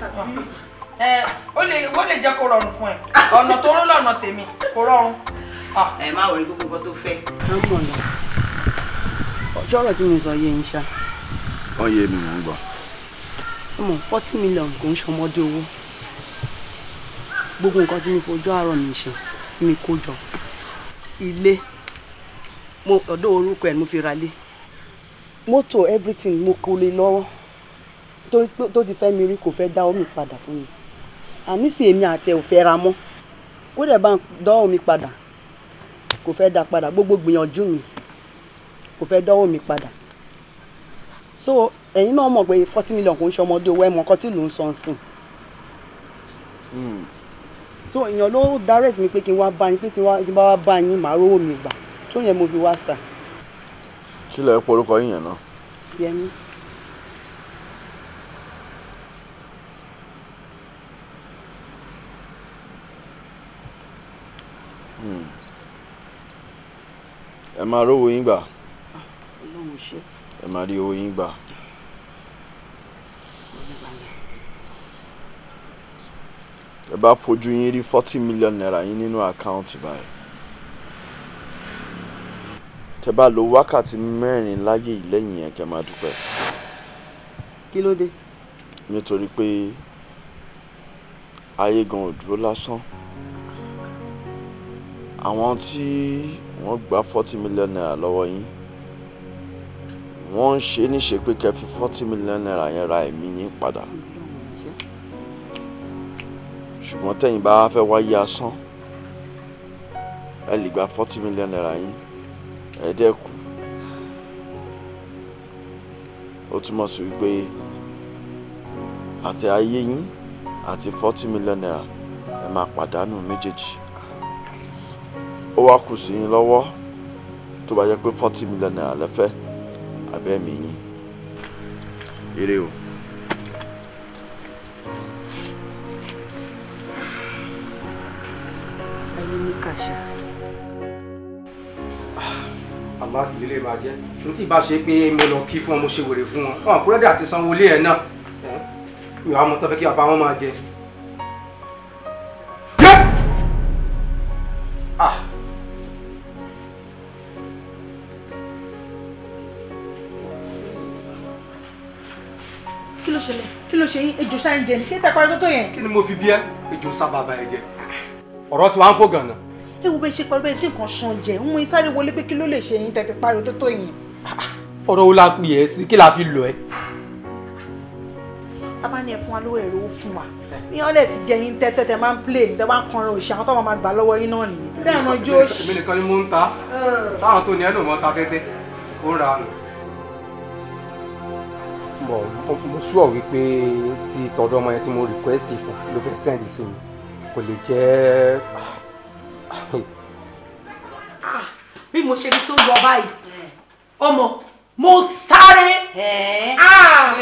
ẹ ó lè wọ́n lè jẹ́ kó rọrùn fún ẹ ọ̀nà tó rún lọ́nà tèmi kó rọrùn. Ah. ẹ má wọrí gbogbo nǹkan tó fẹ́. ọjọ́ ọ̀rọ̀ tí mi sọ yé ń ṣá. wọ́n yé mi mò ń gbọ́. ọmọ forty million kò ń ṣọmọdé owó gbogbo nǹkan tí mi fojú àárọ̀ mi ṣe tí mi kó jọ ilé mo ọ̀dọ̀ orúkọ ẹ̀ mo fi ra lé mọ́tò everything mo kó lé lọ́wọ́ tó ti fẹ́ mi rí kò fẹ́ dá omi padà fún mi àní sì èmi àtẹ ò fẹ́ ra mọ́ kó dẹ̀ bá dán omi padà kò fẹ́ dá padà gbogbo gbìyànjú mi kò fẹ́ dán omi padà so ẹ̀yin náà mọ̀ pé forty million kò ń ṣọmọdé owó ẹ̀ mọ̀ nǹkan tí ló sọ ń sìn. Hmm. so èèyàn ló direct mi pé kí n wá bá yín pé kí n bá wá bá yín màá rówó mi gbà tó yẹn mo fi wá sà. kí lẹ pọ orúkọ yín yẹn náà. Yẹmí. Hmm. ẹ máa rówó yín gbà ah, ẹ máa rí owó yín gbà. ẹ bá fojú yín rí forty million naira yín nínú àkáǹtì báyìí tẹ bá lo wákàtí mẹ́rin láyé ìlẹ́yìn yẹn kẹ́ máa dúpẹ́. kí ló dé. nítorí pé ayé gan ò dúró lásán àwọn tí wọ́n gba forty million naira lọ́wọ́ yín wọ́n ń ṣe níṣe pé kẹ́ forty million naira yẹn ra ẹ̀mí yín padà. Mm -hmm ṣùgbọ́n tẹ̀yìn bá fẹ́ wáyé asán ẹ lè gba forty million naira yín ẹ̀ẹ́dẹ́kù ó túmọ̀ sí wípé àti ayé yín àti forty million naira ẹ máa pàdánù méjèèjì ó wá kù sí yín lọ́wọ́ tó bá yẹ pé forty million naira lẹ́fẹ́ abẹ́mi yín ire o. ayé ní kàṣà. àmọ́ àti ìdílé máa jẹ́ n tí ìbá ṣe pé mo lọ kí fún ọ mo ṣe wèrè fún wọn wọn kúrẹ́dì àti sanwó ilé ẹ̀ náà mi ò tó fẹ́ kí bàbá wọn máa jẹ. Ah. kí ló ṣẹlẹ̀ kí ló ṣe yín ejò ṣáà ń jẹ ní kí n tẹ́ parí tó yẹn. kí ni mo fi bí ẹ ejò sábà bá jẹ ọ̀rọ̀ sì wá ń fò gànà. ẹ wo bẹ ṣe pariwo bẹ́ẹ̀ tí nǹkan ṣan jẹ ń mú isáré wọlé pé kí ló lè ṣe yín tẹ́ fi pariwo tó tó yín. ọ̀rọ̀ wo la pè é sí kí la fi lọ ẹ. bàbá ni ẹ fún wa lówó èrè owó fún wa ní ọ̀lẹ̀ ti jẹ yín tẹ́tẹ́ tẹ́ máa ń play tẹ́ bá ń kọrin òṣì àwọn tó máa gbà lọ́wọ́ yín náà nìyẹn. bẹ́ẹ̀ ni ojú òṣì. èmi nìkan ni mo ń ta sáwọn tó ní ẹ lòun ta tẹ́tẹ́ ó ń ra àná. mo sure wípé ti tọ̀dọ̀ ọmọ yẹn tí mo request fún ló fẹ́ send sí mi kò lè jẹ́. Ah, bí mo ṣe rí tó lọ báyìí ọmọ mo sáré. Ah.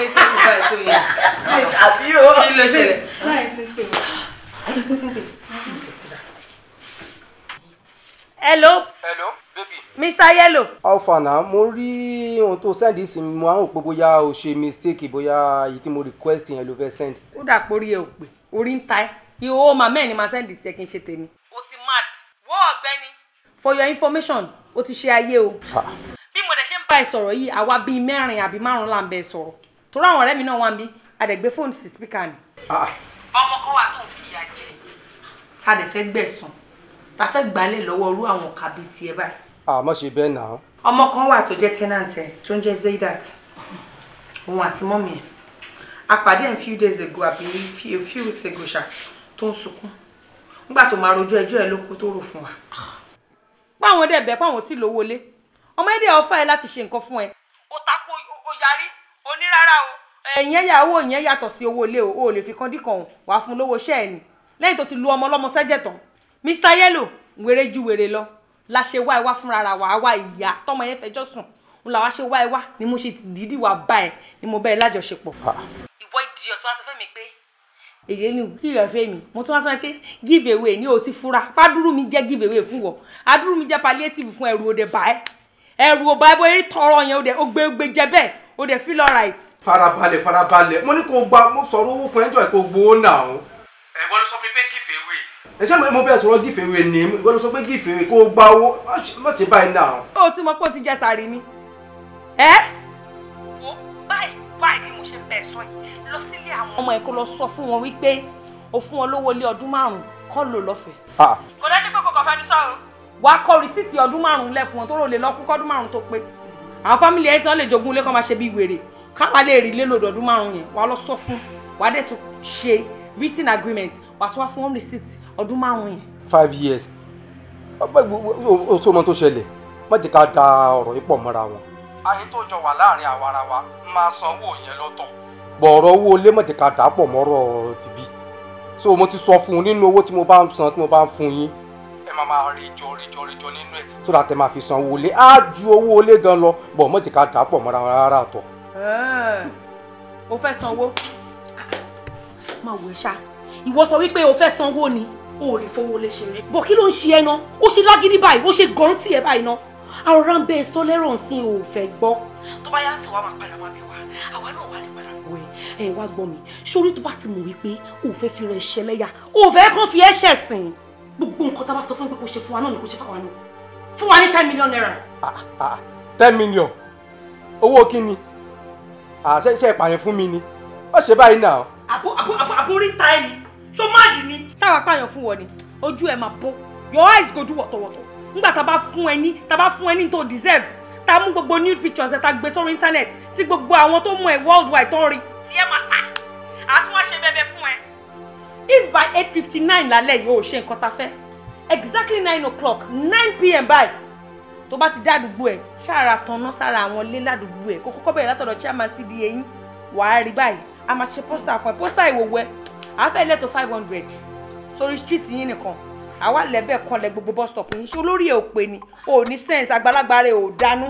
hello. hello baby. mr yellow. alpha na mo rí ohun tó send sí mi mo àwọn òpó bóyá o ṣe mistake bóyá èyí tí mo request yẹn ló fẹ́ send. ó dà pórí ẹ ò pé orí ń ta ẹ́ ìhòòhò màmá ẹ̀ ni màá sẹ́ǹdì sí ẹ kí n ṣe tèmi. o ti mad wọ́ ọ̀gbẹ́ni. for your information o ti ṣe ayé o. bí mo dẹ̀ ṣe ń bá ẹ sọ̀rọ̀ yìí àwa bíi mẹ́rin àbí márùn-ún là ń bẹ sọ̀rọ̀ torí àwọn ọ̀rẹ́ mi náà wà ń bí àdẹ̀gbé fóònù sí spíkà ni. ọmọ kan wà tó ń fìyà jẹ ta dẹ̀ fẹ́ gbẹ̀sán ta fẹ́ gbálẹ̀ lọ́wọ́ irú àwọn kàbí tiẹ̀ báyìí. àmọ́ ah, ṣe bẹ́ẹ̀ náà. ọmọ kan wà tó jẹ́ tenant ẹ̀ tó ń jẹ́ Zaidat òun àti mọ́mì ẹ̀ a pàdé ẹ̀ few days ago àbí a few weeks ago ṣáà tó ń sunkún nígbà tó máa rojú ẹjọ́ ẹ ló kú tó rò fún wa. páwọn dẹ̀ bẹ́ẹ̀ páwọn tí lówó lé ọmọ ẹ̀dẹ̀ ọ̀fà ẹ láti ṣe nǹkan fún ẹ. ó takò ó yarí onírárá o. ẹ̀yìn ẹ̀yà owó yẹn yàtọ̀ sí owó ilé o ò lè fi kan díkan o wàá fún lówó iṣẹ́ ẹ̀ ni lẹ́yìn tó ti lu ọmọ ọlọ́mọ sẹ́jẹ̀ tán Mr Yellow wèrè ju wèrè lọ la ṣe wá ẹ wá fúnra wa wá ìyá tọmọ yẹn fẹjọ́ sùn n làwa ṣe wá ẹ wá ni mo ṣe dìídì wá bá ẹ ni mo bẹ́ẹ̀ lájọṣepọ̀. ìwọ ìdí ọ̀tún wá sọ fẹ́ mi pé èyí ni kí ìyá fẹ́ mi mo tún wá sọ pé give away ni o ti fura pàdúrú mi jẹ́ give away fún wọ àdúrú mi jẹ́ palliative fún ẹrù òde bá ẹ ẹrù òbá ẹ bóyá tọrọ yẹn òde ó gbé gbé jẹ bẹ́ẹ̀ òde feel alright. farabalẹ̀ farabalẹ̀ mo ní kó gba mo sọ̀rọ̀ owó fún ẹjọ́ ìkó gbowó náà o. ẹ ló sọ pé give away. ẹ ṣé mo bẹ́ẹ̀ sọ̀rọ̀ give away ni wọ́n ló sọ pé give away kó gba owó má ṣe báyìí náà. o ti mọ pé o ti jẹ sàrí ni ẹ wo báyìí báyìí bí mo ṣe ń bẹ sọ yìí lọ sílé àwọn ọmọ ẹ kó lọ sọ fún wọn wípé o fún wọn lówó lé ọdún márùn-ún lò lọ́fẹ̀ẹ́. kò lọ ṣe pé kò kàn fẹ́nu sọ o. wàá kọ rìsíìtì ọdún márùn-ún wọn tó rò lè lọ́kún kọ́dún márùn tó pé àwọn fámìlì ẹ̀ sọ́n lè jogún ilé kan máa ṣe bí wèrè káwọn alẹ́ rí lé lòdò ọdún márùn-ún yẹn wàá lọ sọ fún wàá dẹ̀ tún ṣe written agreement wàá tún wá fún rìsíìtì ọdún márùn yẹn. five years ọgbẹ́ o sọ ọmọ tó ṣẹlẹ̀ má jẹ́ ká da ọ̀rọ̀ yìí pọ̀ mọ́ra wọn àní tó jọ wà láàrin àwa ara wa máa sanwó yẹn lọ́tọ̀. bọ̀ọ̀rọ̀ owó ilé mọ̀tẹ́ ká dà pọ̀ mọ́rọ̀ tìbí so mo ti sọ fún un nínú owó tí mo bá ń san tí mo bá ń fún yín ẹ máa máa rejọ rejọ rejọ nínú ẹ so that ẹ máa fi san owó ilé á ju owó ilé gan lọ bọ̀ mọ̀tẹ́ ká dà pọ̀ mọ́ra rárá tọ̀. o fẹ́ sanwó máa wò ẹ́ ṣá ìwọ sọ wípé o fẹ́ sanwó ni o ò lè fowó lè ṣeré bọ̀ kí ló ń ṣe ẹ ná o ṣe lágídí báyìí o ṣe gọ́ǹtì ẹ báyìí ná àròrà ń bẹ èso lẹ́rọ̀ sí i ò fẹ́ gbọ́ tó bá yá sí wa máa padà wá bí wa àwa náà wà ní padà gbọ́ ẹ ẹ wá gbọ́ mi sórí tó bá ti mọ̀ wípé ò fẹ́ fi rẹ̀ ṣẹ lẹ́yà ò fẹ́ kàn fi ẹ̀ṣẹ̀ sìn gbogbo nǹkan tá a bá sọ fún pé kò ṣe fún wa náà ni kò ṣe fáwa náà fún wa ní ten million naira. Ah, ah, ah. ten million owó kí ni àṣẹ iṣẹ́ ìpààyàn fún mi ni ó ṣe báyìí náà. àbò àbò àbò àbò orí ta ẹ ni ṣó máàdì ni. ṣáà wá pààyàn fún wọn ni ojú ẹ máa bó your eyes go do wọ̀tọ̀wọ̀tọ̀ nígbà tá a bá fún ẹ ní tá a bá deserve tá a mú gbogbo nude pictures ẹ tá a internet tí gbogbo àwọn tó mú ẹ worldwide tó ń rí tí ẹ a ta àti wọn ṣe bẹbẹ fún if by eight fifty nine lálẹ́ yìí ò ṣe nǹkan ta fẹ́ exactly nine o'clock nine pm by. tó bá ti dá àdúgbò ẹ ṣáàrà tanná sára àwọn ilé ládùúgbò ẹ kó kọ́kọ́ bẹ̀rẹ̀ látọ̀dọ̀ chairman cda yín wàá rí báyìí a máa ṣe pósítà fún ẹ pósítà ìwòwẹ́ àáfẹ́ lẹ́tọ̀ five hundred sórí street yín nìkan àwa lẹ́bẹ̀ kan lẹ gbogbo bus stop yìí ṣé olórí ẹ̀ ò pè ní o ní sense àgbàlagbà rẹ̀ ò dánú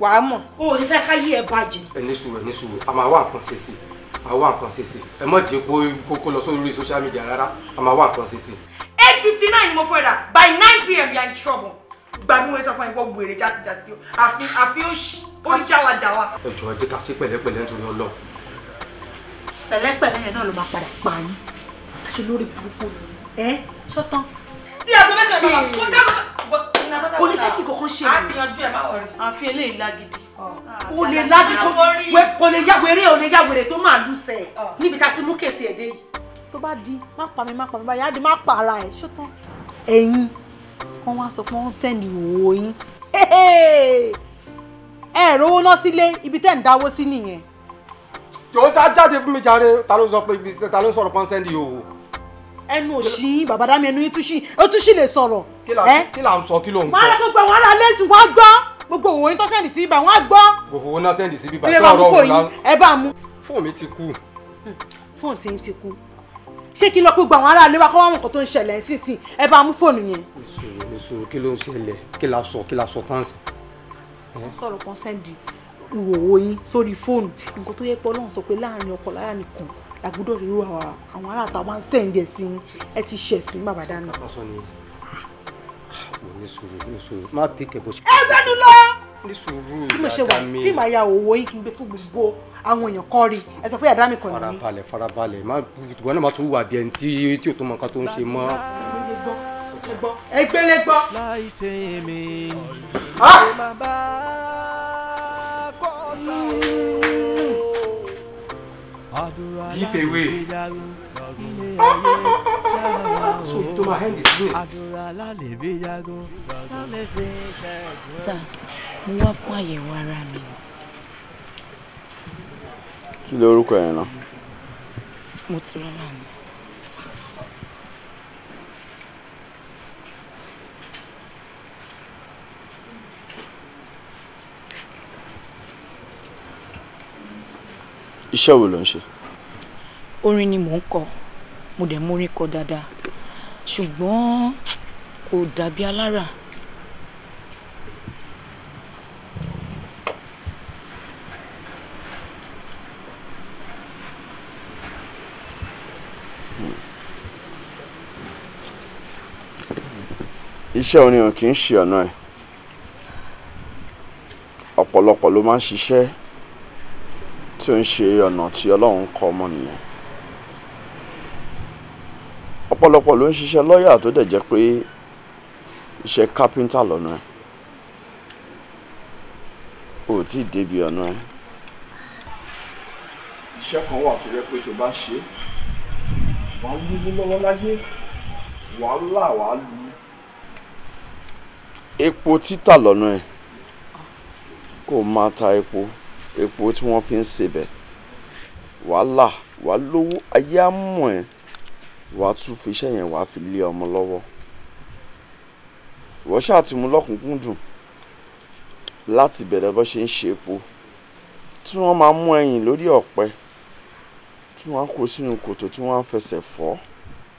wà á mọ̀. o ò ní fẹ́ ká yí ẹ bàjẹ́. ẹ ní sùúrù ẹ ní a máa wá nǹkan ṣe sí i a máa wá nǹkan ṣe sí i ẹ má jẹ́ kó kó lọ sórí social media rárá a máa wá nǹkan ṣe sí i. eight fifty nine ni mo fẹ́ rà by nine pm you are in trouble gbàgbọ́n sọ fún ẹ wọ́n wèrè játijàti o àfi àfi ó ṣí ó ń jàwàjàwà. ẹ jọ̀ọ́ ẹ jẹ́ ká ṣe pẹ̀lẹ́pẹ̀lẹ́ nítorí Ọlọ́run. pẹ̀lẹ́pẹ̀lẹ́ yẹn náà ló máa padà pa yín àti lórí burúkú ẹ ṣọ́tán. tí aago mẹ́sàn-án bá wà kó dábàá. kò ní fẹ́ kí kankan ṣe é. a ti yanjú ẹ̀ má wọrí. àfi eléyìí lágídí. kò lè lágídí kò lè yàwèrè ò lè yàwèrè tó máa lù níbi tá a ti mú kèsì ẹ̀ dé yìí. tó bá di má pa mi má pa mi báyìí á di má pa ara ẹ̀ ṣọ́tán. ẹ̀yin wọ́n wá sọ pé wọ́n tẹ̀lé òwò yín ẹ rówó ná sílé ibi tẹ́ ń dáwó sí nìyẹn. jòwó tá jáde fún mi jáde ta ló sọ pé ta ló sọ̀rọ̀ pọ́ńsẹ́ndì yòówó ẹnu òṣì yín bàbá dá mi ẹnu yín túṣì ó túṣì lè sọ̀rọ̀. kí là ń sọ kí ló ń kọ. máa gbogbo àwọn ará lẹ́sìn wọn á gbọ́ gbogbo òwò yín tó sẹ́ndì sí ibà wọn á gbọ́. gbogbo owó náà sẹ́ndì sí ibà tí ọ̀rọ̀ òun la. ẹ bá mú. fóònù mi ti kú. Hmm, fóònù tí ń ti kú ṣé kí lọ pé gbogbo àwọn ará ilé wa kọ́ wá wọn kò tó ń ṣẹlẹ̀ nísinsìnyí ẹ bá mú fóònù yẹn. ìṣòro ìṣòro kí ló ń ṣẹlẹ̀ kí la sọ kí la sọ tán sí. sọ̀rọ̀ kan sẹ́ndì ìwòwò yín sórí fóònù nǹkan tó yẹ pé ọlọ́run sọ pé láàrin ọkọ láyà nìkan àgbúdọ̀ ríru àwọn ará àtàwọn máa ń sẹ́ǹdì ẹ̀sìn ẹ ti ṣẹ̀ sí bàbá dáná. ọsọ ni mo ní sùúrù ní sùúrù má tẹkẹ bó ṣe. ẹ gbẹnu lọ. ní sùúrù ìyàdá mi tí màá ya òwò yìí kí n gbé gbogbo àwọn èèyàn kan rí ẹ sọ pé àdá mi kàn ní. farabalẹ̀ farabalẹ̀ má ìwọ náà má tún wà bí ẹni tí tí o tó mọ nǹkan tó ń ṣe mọ́. ẹgbẹ́lẹ́gbọ́. láì ṣe èmi. Ah! give away so tó my hand it soon. sir mo wá fún àyẹ̀wò ara mi. kí lorúkọ ẹ̀ náà. mo ti rọ́lá mi. iṣẹ́ wo ló ń ṣe. orin ni mò ń kọ mo dẹ̀ mórin kọ dáadáa ṣùgbọ́n kò dàbí alára. iṣẹ́ oníhàn kì í ṣe ọ̀nà ẹ̀ ọ̀pọ̀lọpọ̀ ló máa ń ṣiṣẹ́ tí ó ń ṣe ọ̀nà tí ọlọ́run kọ ọmọ nìyẹn ọ̀pọ̀lọpọ̀ ló ń ṣiṣẹ́ lọ́ọ̀yà tó dẹ̀ jẹ́ pé iṣẹ́ kápẹ́ńtà lọ́nà ẹ̀ ò tí ì débi ọ̀nà ẹ̀ iṣẹ́ kan wà tó yẹ pé tó bá ṣe wà á lú lọ́wọ́ láyé wà á là wà á lù epo títà lọ́nà ẹ̀ kó máa ta epo epo tí wọ́n fi ń sebẹ̀ wàhálà wàá lówó ayé á mọ̀ ẹ́ wàá tún fi iṣẹ́ yẹn wàá fi lé ọmọ lọ́wọ́ wọ́n ṣáà ti mú lọ́kùnkúndùn láti bẹ̀rẹ̀ bó ṣe ń ṣe epo tí wọ́n máa mú ẹyìn lórí ọ̀pẹ tí wọ́n á kó sínú kòtò tí wọ́n á fẹsẹ̀ fọ́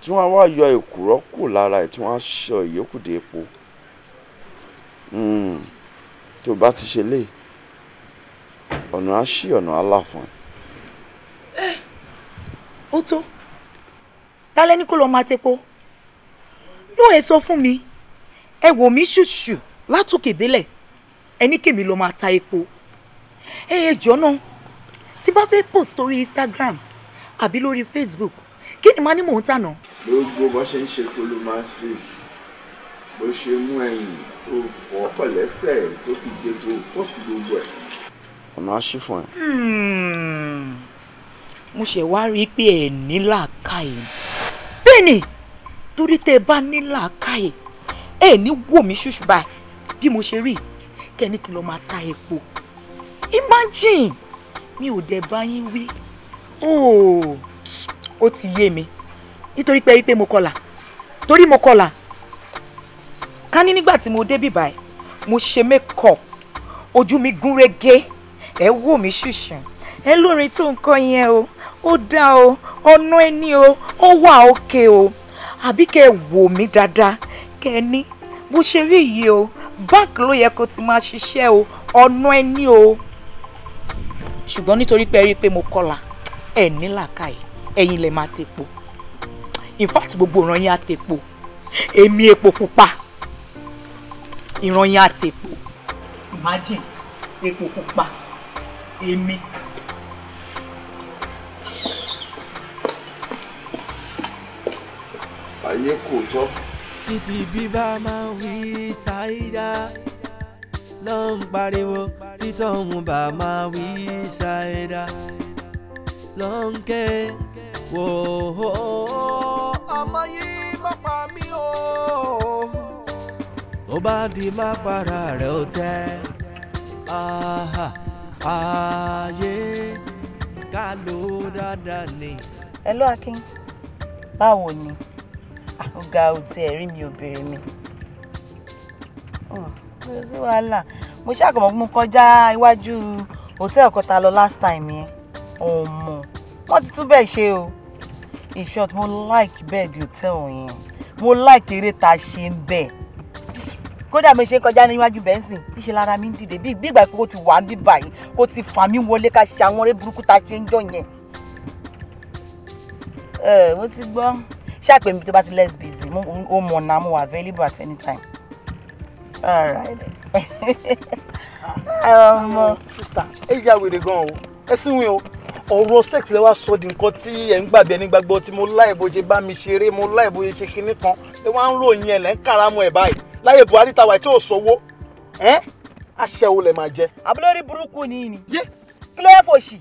tí wọ́n á wá yọ èkùrọ́ kù lára ẹ̀ tí wọ́n á ṣọ ìyókù epo hmm, tó bá ti ṣe léyìí ọ̀nà á ṣí ọ̀nà á là fún ẹ. ó tó ta lẹ́ni kó lọ́ọ́ máa tepo yóò ẹ fún mi ẹ wò mí ṣùṣù látòkè délẹ̀ ẹni kèmí ló máa ta epo ẹ ẹ jọ tí bá fẹ́ post lórí Instagram àbí lórí Facebook kí ni màá ní mò ń tànà. gbogbo bó ṣe ń ṣe kó ló máa ṣe bó ṣe mú ẹyìn tó fọ́ pẹ̀lẹ́sẹ̀ tó fi gbogbo post gbogbo ẹ̀ ọ̀nà á ṣí fún ẹ. Hmm. mo ṣe wá rí i pé ẹ ní làákàyè bẹ́ẹ̀ ni torí tẹ́ ẹ bá ní làákàyè ẹ ní wò mí ṣùṣù bí mo ṣe rí i kẹ́ni kí ló máa ta epo imagine mi ò dẹ̀ bá yín wí ó ti yé mi nítorí pé rí pé mo kọlà torí mo kọlà ká ní nígbà tí mo débì báyìí mo ṣe make ojú mi gún régé ẹ wò mí ṣùṣùn ẹ lórin tó nǹkan yẹn o ó dá o ọ̀nà ẹni o ó wà òkè o àbí kẹ wò mí dáadáa kẹ ní bó ṣe rí yìí o báńkì ló yẹ kó ti máa ṣiṣẹ́ o ọ̀nà ẹni o ṣùgbọ́n nítorí pé ẹ rí i pé mo kọlà ẹ ní làákàyè ẹ̀yin lè máa tepo in fact gbogbo ìran yín á tepo èmi epo pupa ìran yín á tepo imagine epo pupa èmi. ayé kò tọ́. títí bíbá máa ń wí ṣáídá ló ń pariwo títọ́hún bá máa wí ṣáídá ló ń ké wò ó. ọmọ yìí mọ̀ pa mí o. ó bá di má para rẹ̀ ó tẹ́. Ah, ah ayé ká ló dáadáa ni. ẹ ló akin báwo ni àgùgà ah, ò tiẹ̀ rí mi ò béèrè mi hmm, kò sí wàhálà mo ṣàkàmọ́ pé mo kọjá iwájú hòtẹ́ẹ̀lì kan tá lọ last time yẹn ọmọ wọ́n ti tún bẹ́ẹ̀ ṣe o in short mo like bẹ́ẹ̀dì hòtẹ́ẹ̀lì yẹn mo like eré tá a ṣe ń bẹ̀ kódà mi ṣe ń kọjá níwájú bẹ́ńsìn ìṣe lára mi ń dìde bí ìgbà pé kò ti wà bí báyìí kò ti fà mí wọlé ká ṣe àwọn eré burúkú tá ṣe ń jọ yẹn. ẹ mo ti gbọ́ ṣàpè mi tó bá ti less busy ó mọ̀ náà mo wà available at any time. all right. <laughs> Ah, ọmọ sista ẹ jẹ́ àwèrè gan-an o ẹ sínwìn o ọ̀rọ̀ sex lẹ́wà sọ di nǹkan tí ẹ̀ ń gbàgbé ẹni gbàgbọ́ tí mo láì bó ṣe bá mi ṣeré mo láì bó ṣe ṣe kinní kan ẹ wá ń ròyìn ẹ̀ lẹ́ ń kàràmù ẹ̀ báyìí láyé Buhari tàwa tí ò sówó ẹ́ àṣẹ olè máa jẹ. àbúlórí burúkú ni ni kí ló yẹ fòṣì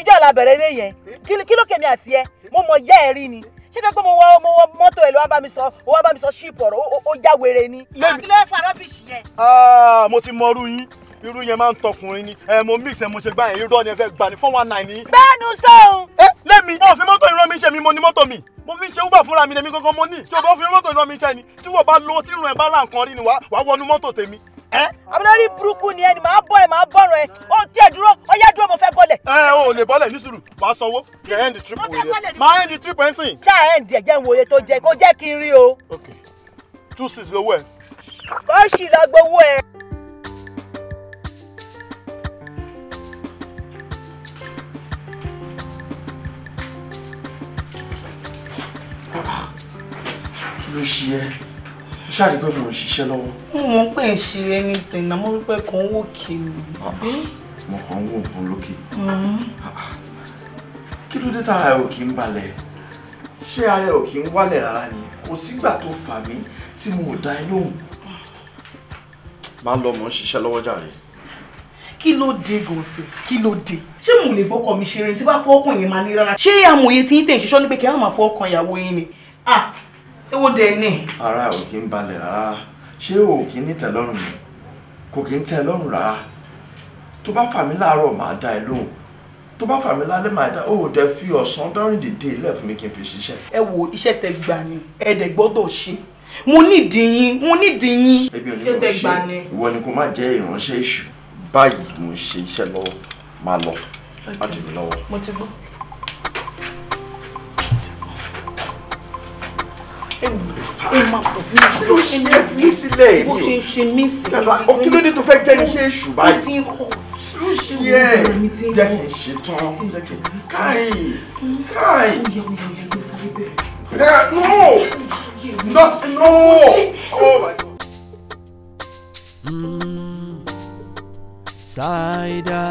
ìjà la lé yẹn kí ló kèmí àti ẹ mo mọ ìyá ẹ rí ni ṣé kí pé mo wọ mo wọ mọ́tò ẹ̀ ló wá bá mi sọ ó wá bá mi sọ ṣíìpù ọ̀rọ̀ ó já wèrè ni. kí fún arábìsì yẹn. Ah, mo ti mọ ọrú yín irú yẹn máa ń tọkùnrin ni ẹ mo mix ẹ mo ṣe gbá yẹn irọ́ ni ẹ fẹ́ gbà ní four one nine ni. bẹ́ẹ̀nu sọ̀hún. ẹ lẹ́mi wọn fi mọ́tò ìran mi ṣe mi mo ní mọ́tò mi mo fi ń ṣe uber fúnra mi lèmi gangan mo ní ṣùgbọ́n fi mọ́tò ìran mi ṣe ni tí wọ́n bá lọ tí irun ẹ̀ bá là nǹkan rí ni wàá wọnú mọ́tò tèmi abúlórí burúkú ni ẹni máa bọ ẹ máa bọrọ ẹ ó tiẹ̀ dúró ó yá dúró mo fẹ́ bọ́lẹ̀. ẹ ò lè bọ́lẹ̀ ní sùúrù máa sanwó kẹ ẹ ń di tírípù wẹrẹ máa ẹ ń di tírípù ẹ ń sìn. ṣá ẹ ń di ẹjẹ ń wòye tó jẹ kó jẹ kí n rí two six lówó ẹ. ó sì lọ gbowó ló ṣe ẹ́ ṣáàrí pé mo ń ṣiṣẹ́ lọ́wọ́. mo mọ̀ pé ń ṣe anything na mo rí pé kàn ń wò kí ni. Ah, mo kàn ń wò òkun lókè. Mm-hmm. Ah, ah. kí ló dé tára ẹ ò kí ń balẹ̀ ṣé ara ẹ ò kí ń wálẹ̀ rárá ni kò sígbà tó fà mí tí mo ò dá ẹ lóhùn. máa lọ mò ń ṣiṣẹ́ lọ́wọ́ jàre. kí ló dé gòsè kí ló dé ṣé mo lè gbọ́kọ̀ mi ṣeré tí bá fọ́ ọkàn yẹn máa ní rárá. ṣé amòye tí ń tẹ̀ ń ṣiṣọ́ ní pé ah èwo dẹ̀ ni. ara ò kí ń balẹ̀ rárá ṣé o kì í ní tẹ́lọ́rùn ni kò kì í tẹ́ lọ́rùn rárá tó bá fà mí láàárọ̀ màá dá ẹ lóhùn tó bá fà mí lálẹ́ màá dá o ò dẹ̀ fi ọ̀sán dọ́rìn dìde ilẹ̀ fún mi kí n fi ṣiṣẹ́. ẹ wo iṣẹ́ tẹ gbà ni ẹ dẹ̀ gbọ́dọ̀ ṣe mo nídìí yín mo nídìí yín iṣẹ́ tẹ gbà ni. ìwọ ni kò má jẹ́ ìránṣẹ́ èṣù báyìí mo ṣe iṣẹ́ lọ́wọ́ máa lọ má dì lọ́wọ́. mo ti gbọ́. ẹ máa pọ̀ ní ìlú ẹni ẹni mi sílẹ̀ mi ò ṣe ṣe mí sí i. o kí ló dé tó fẹ́ jẹ́ iṣẹ́ èṣù báyìí ló ṣe ẹ jẹ́ kí n ṣe tán káì káì. no not no oh my god. Hmm. ṣáìdá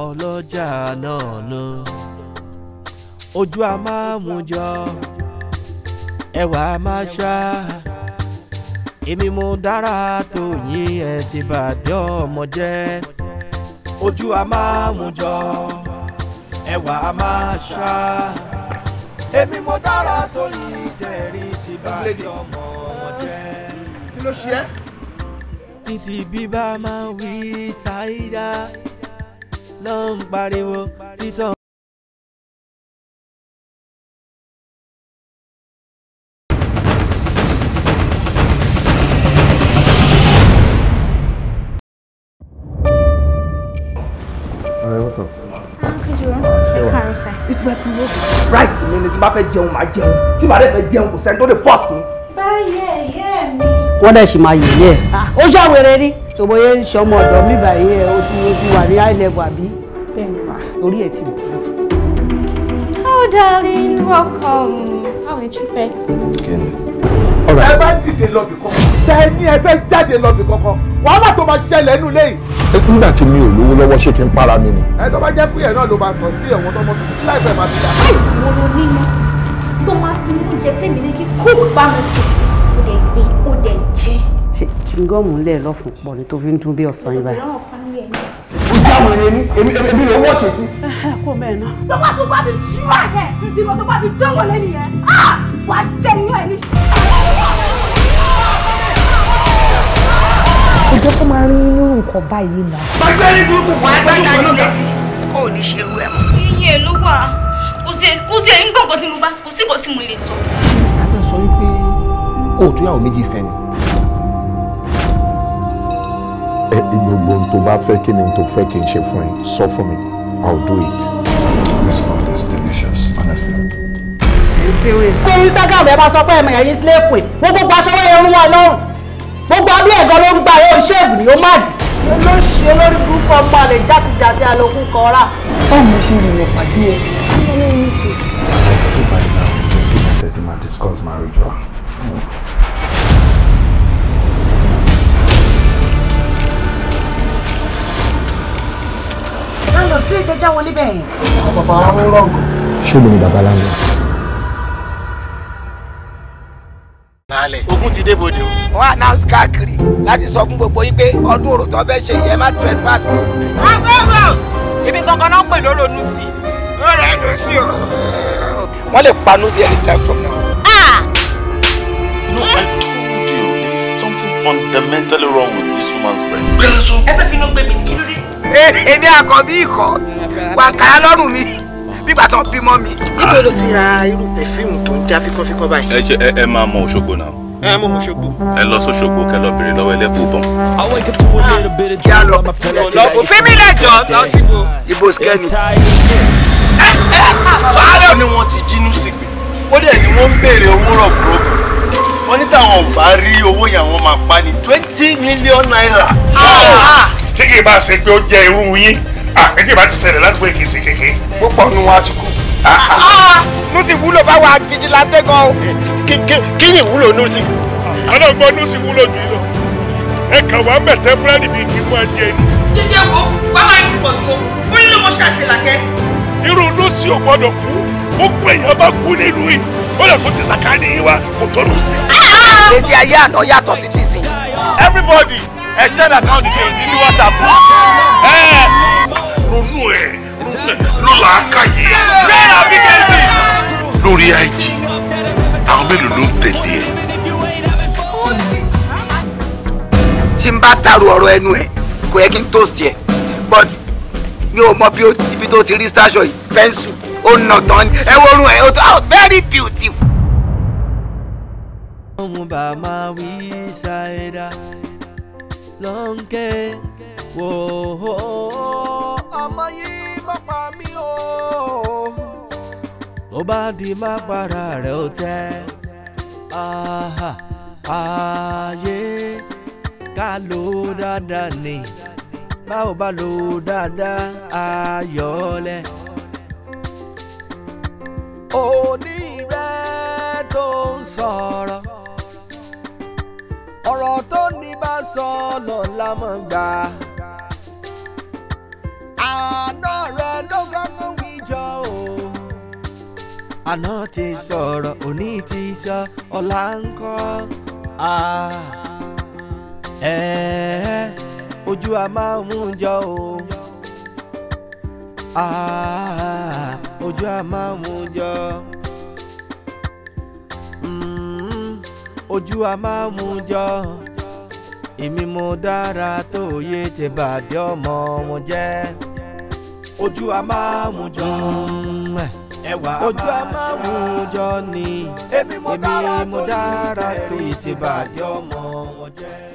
ọlọ́jà náà nù ojú a máa mú jọ ẹwà máa ṣá èmi mo dára tó yín ẹ ti bàdé ọmọ jẹ́ ojú a máa mú jọ ẹwà a máa ṣá èmi mo dára tó yín tẹ̀rí ti bàdé ọmọ jẹ́. kí ló ṣe é. títí bíbá máa wí ṣáídá ló ń pariwo títọ́. Alright, what's up? Ah, ah, right mi ni tí bá fẹ́ jẹun máa jẹun tí màá dẹ̀ fẹ́ jẹun kò sẹ́ni tó lè force mi. báyẹ̀ yẹ́ mi. wọ́n dẹ̀ sì máa yẹ̀yẹ́ ẹ̀. Ah. ó ṣàwẹ̀rẹ̀ rí tòbóyé ń ṣọmọ ọ̀dọ́ mi báyìí ẹ̀ o ti o ti wà ní high level àbí. bẹ́ẹ̀ni ma orí ẹ̀ ti burú. oh darling welcome how are you fẹ́. kí ẹ bá dìde lọ́bì kankan tẹ ẹ ní ẹ fẹ́ jáde lọ́bì kankan wàhálà tó máa ṣẹlẹ̀ ẹnu lẹ́yìn. nígbà tí mi ò lówó lọ́wọ́ ṣé kí n para mi ni. ẹ tó bá jẹ́ pé ẹ̀ náà ló máa sọ sí ẹ̀wọ̀n tó mọ̀ tó kí láìpẹ́ máa fi dà. láìsí wọn ló nínú tó máa fi oúnjẹ tèmi ní kí kóòkù bá mi sè ó dẹ̀ gbé ó dẹ̀ jẹ. ṣe chingọ́ọ̀mù lẹ̀ lọ́fun pọ̀ ni tó fi ń dún bí ọ̀sán yìí báyìí. ojú àwọn èmi èmi ló wọ́ ṣe sí. kó mẹ́ẹ̀ náà. tó bá tó bá mi ṣíwáyẹ bí mo tó bá mi dánwò lẹ́nu yẹn ah! wàá jẹ́ iyán ẹ̀ ní kò jẹ́ kó máa rí nínú nǹkan báyìí náà. gbàgbẹ́rì burúkú wà á gbàgbà nílé sí kò ní ṣe irú ẹ̀ mọ́. iye ló wà kò sí kó tí ẹ ń gbọ́ nǹkan tí mo bá kò sí nǹkan tí mo lè sọ. a fẹ́ sọ wípé òòtú yàwó méjì fẹ́ ni. ẹ gbogbo ohun tó bá fẹ́ kí ni tó fẹ́ kí n ṣe fún ẹ sọ fún mi I'll do it. This food is delicious, honestly kó instagram ẹ máa sọ pé ẹmọ ẹ̀yìn sílé èkó ẹ wọ́n gbogbo aṣọ wọ́n wọn lọ́rùn gbogbo abí ẹ̀gọ́ ló ń gba ẹ̀ òṣèlú ni ó má dì. ló ṣe olórí burúkú ọmọ àlè játijàti àlòkù kan rà. báwo ni ṣe rìn rìn pàdé ẹ. ṣé lóun bàbá lánàá. baálẹ̀ ogun ti débòde o. wọ́n announce káàkiri láti sọ fún gbogbo yín pé ọdún orò tó fẹ́ ṣe yìí ẹ má trespass. agbẹ́rò ibi kankan náà pè lólonú sí i lórí ẹnu sí o. wọ́n lè panú sí anytime from now. no i told you there is something fundamentally wrong with this woman's brain. ẹ fẹ́ finú gbé mi kí ló àkọ́bí ikọ̀ wà káyà lọ́rùn mi nígbà tó ń bímọ mi. nítorí ló ti ra irú pẹfíìmù tó ń já fíkọ́fíkọ́ báyìí. ẹ ṣe ẹ máa mọ Òṣogbo náà. ẹ mọ mọ Òṣogbo. ẹ lọ sóṣogbo kẹ lọ bèrè lọ́wọ́ ẹlẹbù bọ. yà lọ òfin mi lẹjọ lọ síbo. ibo skẹni. báyọ̀ ni wọ́n ti jínú sígbè ó dẹ̀ ni wọ́n ń béèrè owó rọ̀bùrọ̀bù wọ́n ní táwọn bá rí owó yẹn àwọn máa pa ní twenty million naira. Ah. tí kì í bá ṣe pé ó jẹ́ irú yín àkẹ́jì ah, bá ti ṣẹlẹ̀ láti gbé ìkísí kéke púpọ̀ nu wa ti kú. nusi ah. ah, wúlò fáwọn afidilate gan o kí ni ìwúlò nusi. ọlọ́gbọ́n nusi wúlò jù lọ ẹ kàn wá mẹ́tẹ́ búrẹ́dì bíi kí n máa jẹ jíjẹ wo wàá máa ti pọ̀ tó o nílò mo ṣàṣe làkẹ́. irú nusi ò gbọ́dọ̀ kú ó pè yẹn bá kú nílùú yìí ó lè kó ti sàkáàdì yín wá kó tó nusi. ìgbésí ayé àná yàtọ̀ sí tìsín. everybody extend account details nínú WhatsApp ronú ẹ̀ ronú ẹ̀ ló là á káyé bẹ́ẹ̀ lórí ig àwọn mélòó ló ń tẹ̀lé ẹ. tí n bá tàrú ọ̀rọ̀ ẹnu ẹ̀ kò yẹ kí n toast yẹ but mi ò mọ ibi tó ti rí station yìí fẹ́ǹsù ó nà tán ẹ wo orun ẹ ó tó oh, very beautiful. ohun bá máa wí ṣáírà lọ́nkẹ́ wò ó ọmọ pa mí o tó bá di má para rẹ̀ ó tẹ́ ààyè ká lò ó dáadáa ni báwo bá lò ó dáadáa ayọ̀ọ́lẹ̀. òní rẹ tó ń sọ̀rọ̀ ọ̀rọ̀ tó ní bá sọ lọ́la mọ̀ gbà àná rẹ ló kọ́kọ́ wí jọ o. àná ti sọ̀rọ̀ òní ti sọ ọ̀la ń kọ́ ojú a máa mú jọ o ojú a máa mú jọ mm-hmm, ojú a máa mú jọ èmi mo dára tó yé tèbàdé ọmọ wọn jẹ́ ojú a máa mú jọ ẹwà ojú a máa mú jọ ni èmi mo dára tó yìí ti bàjẹ́ ọmọ wọn jẹ́.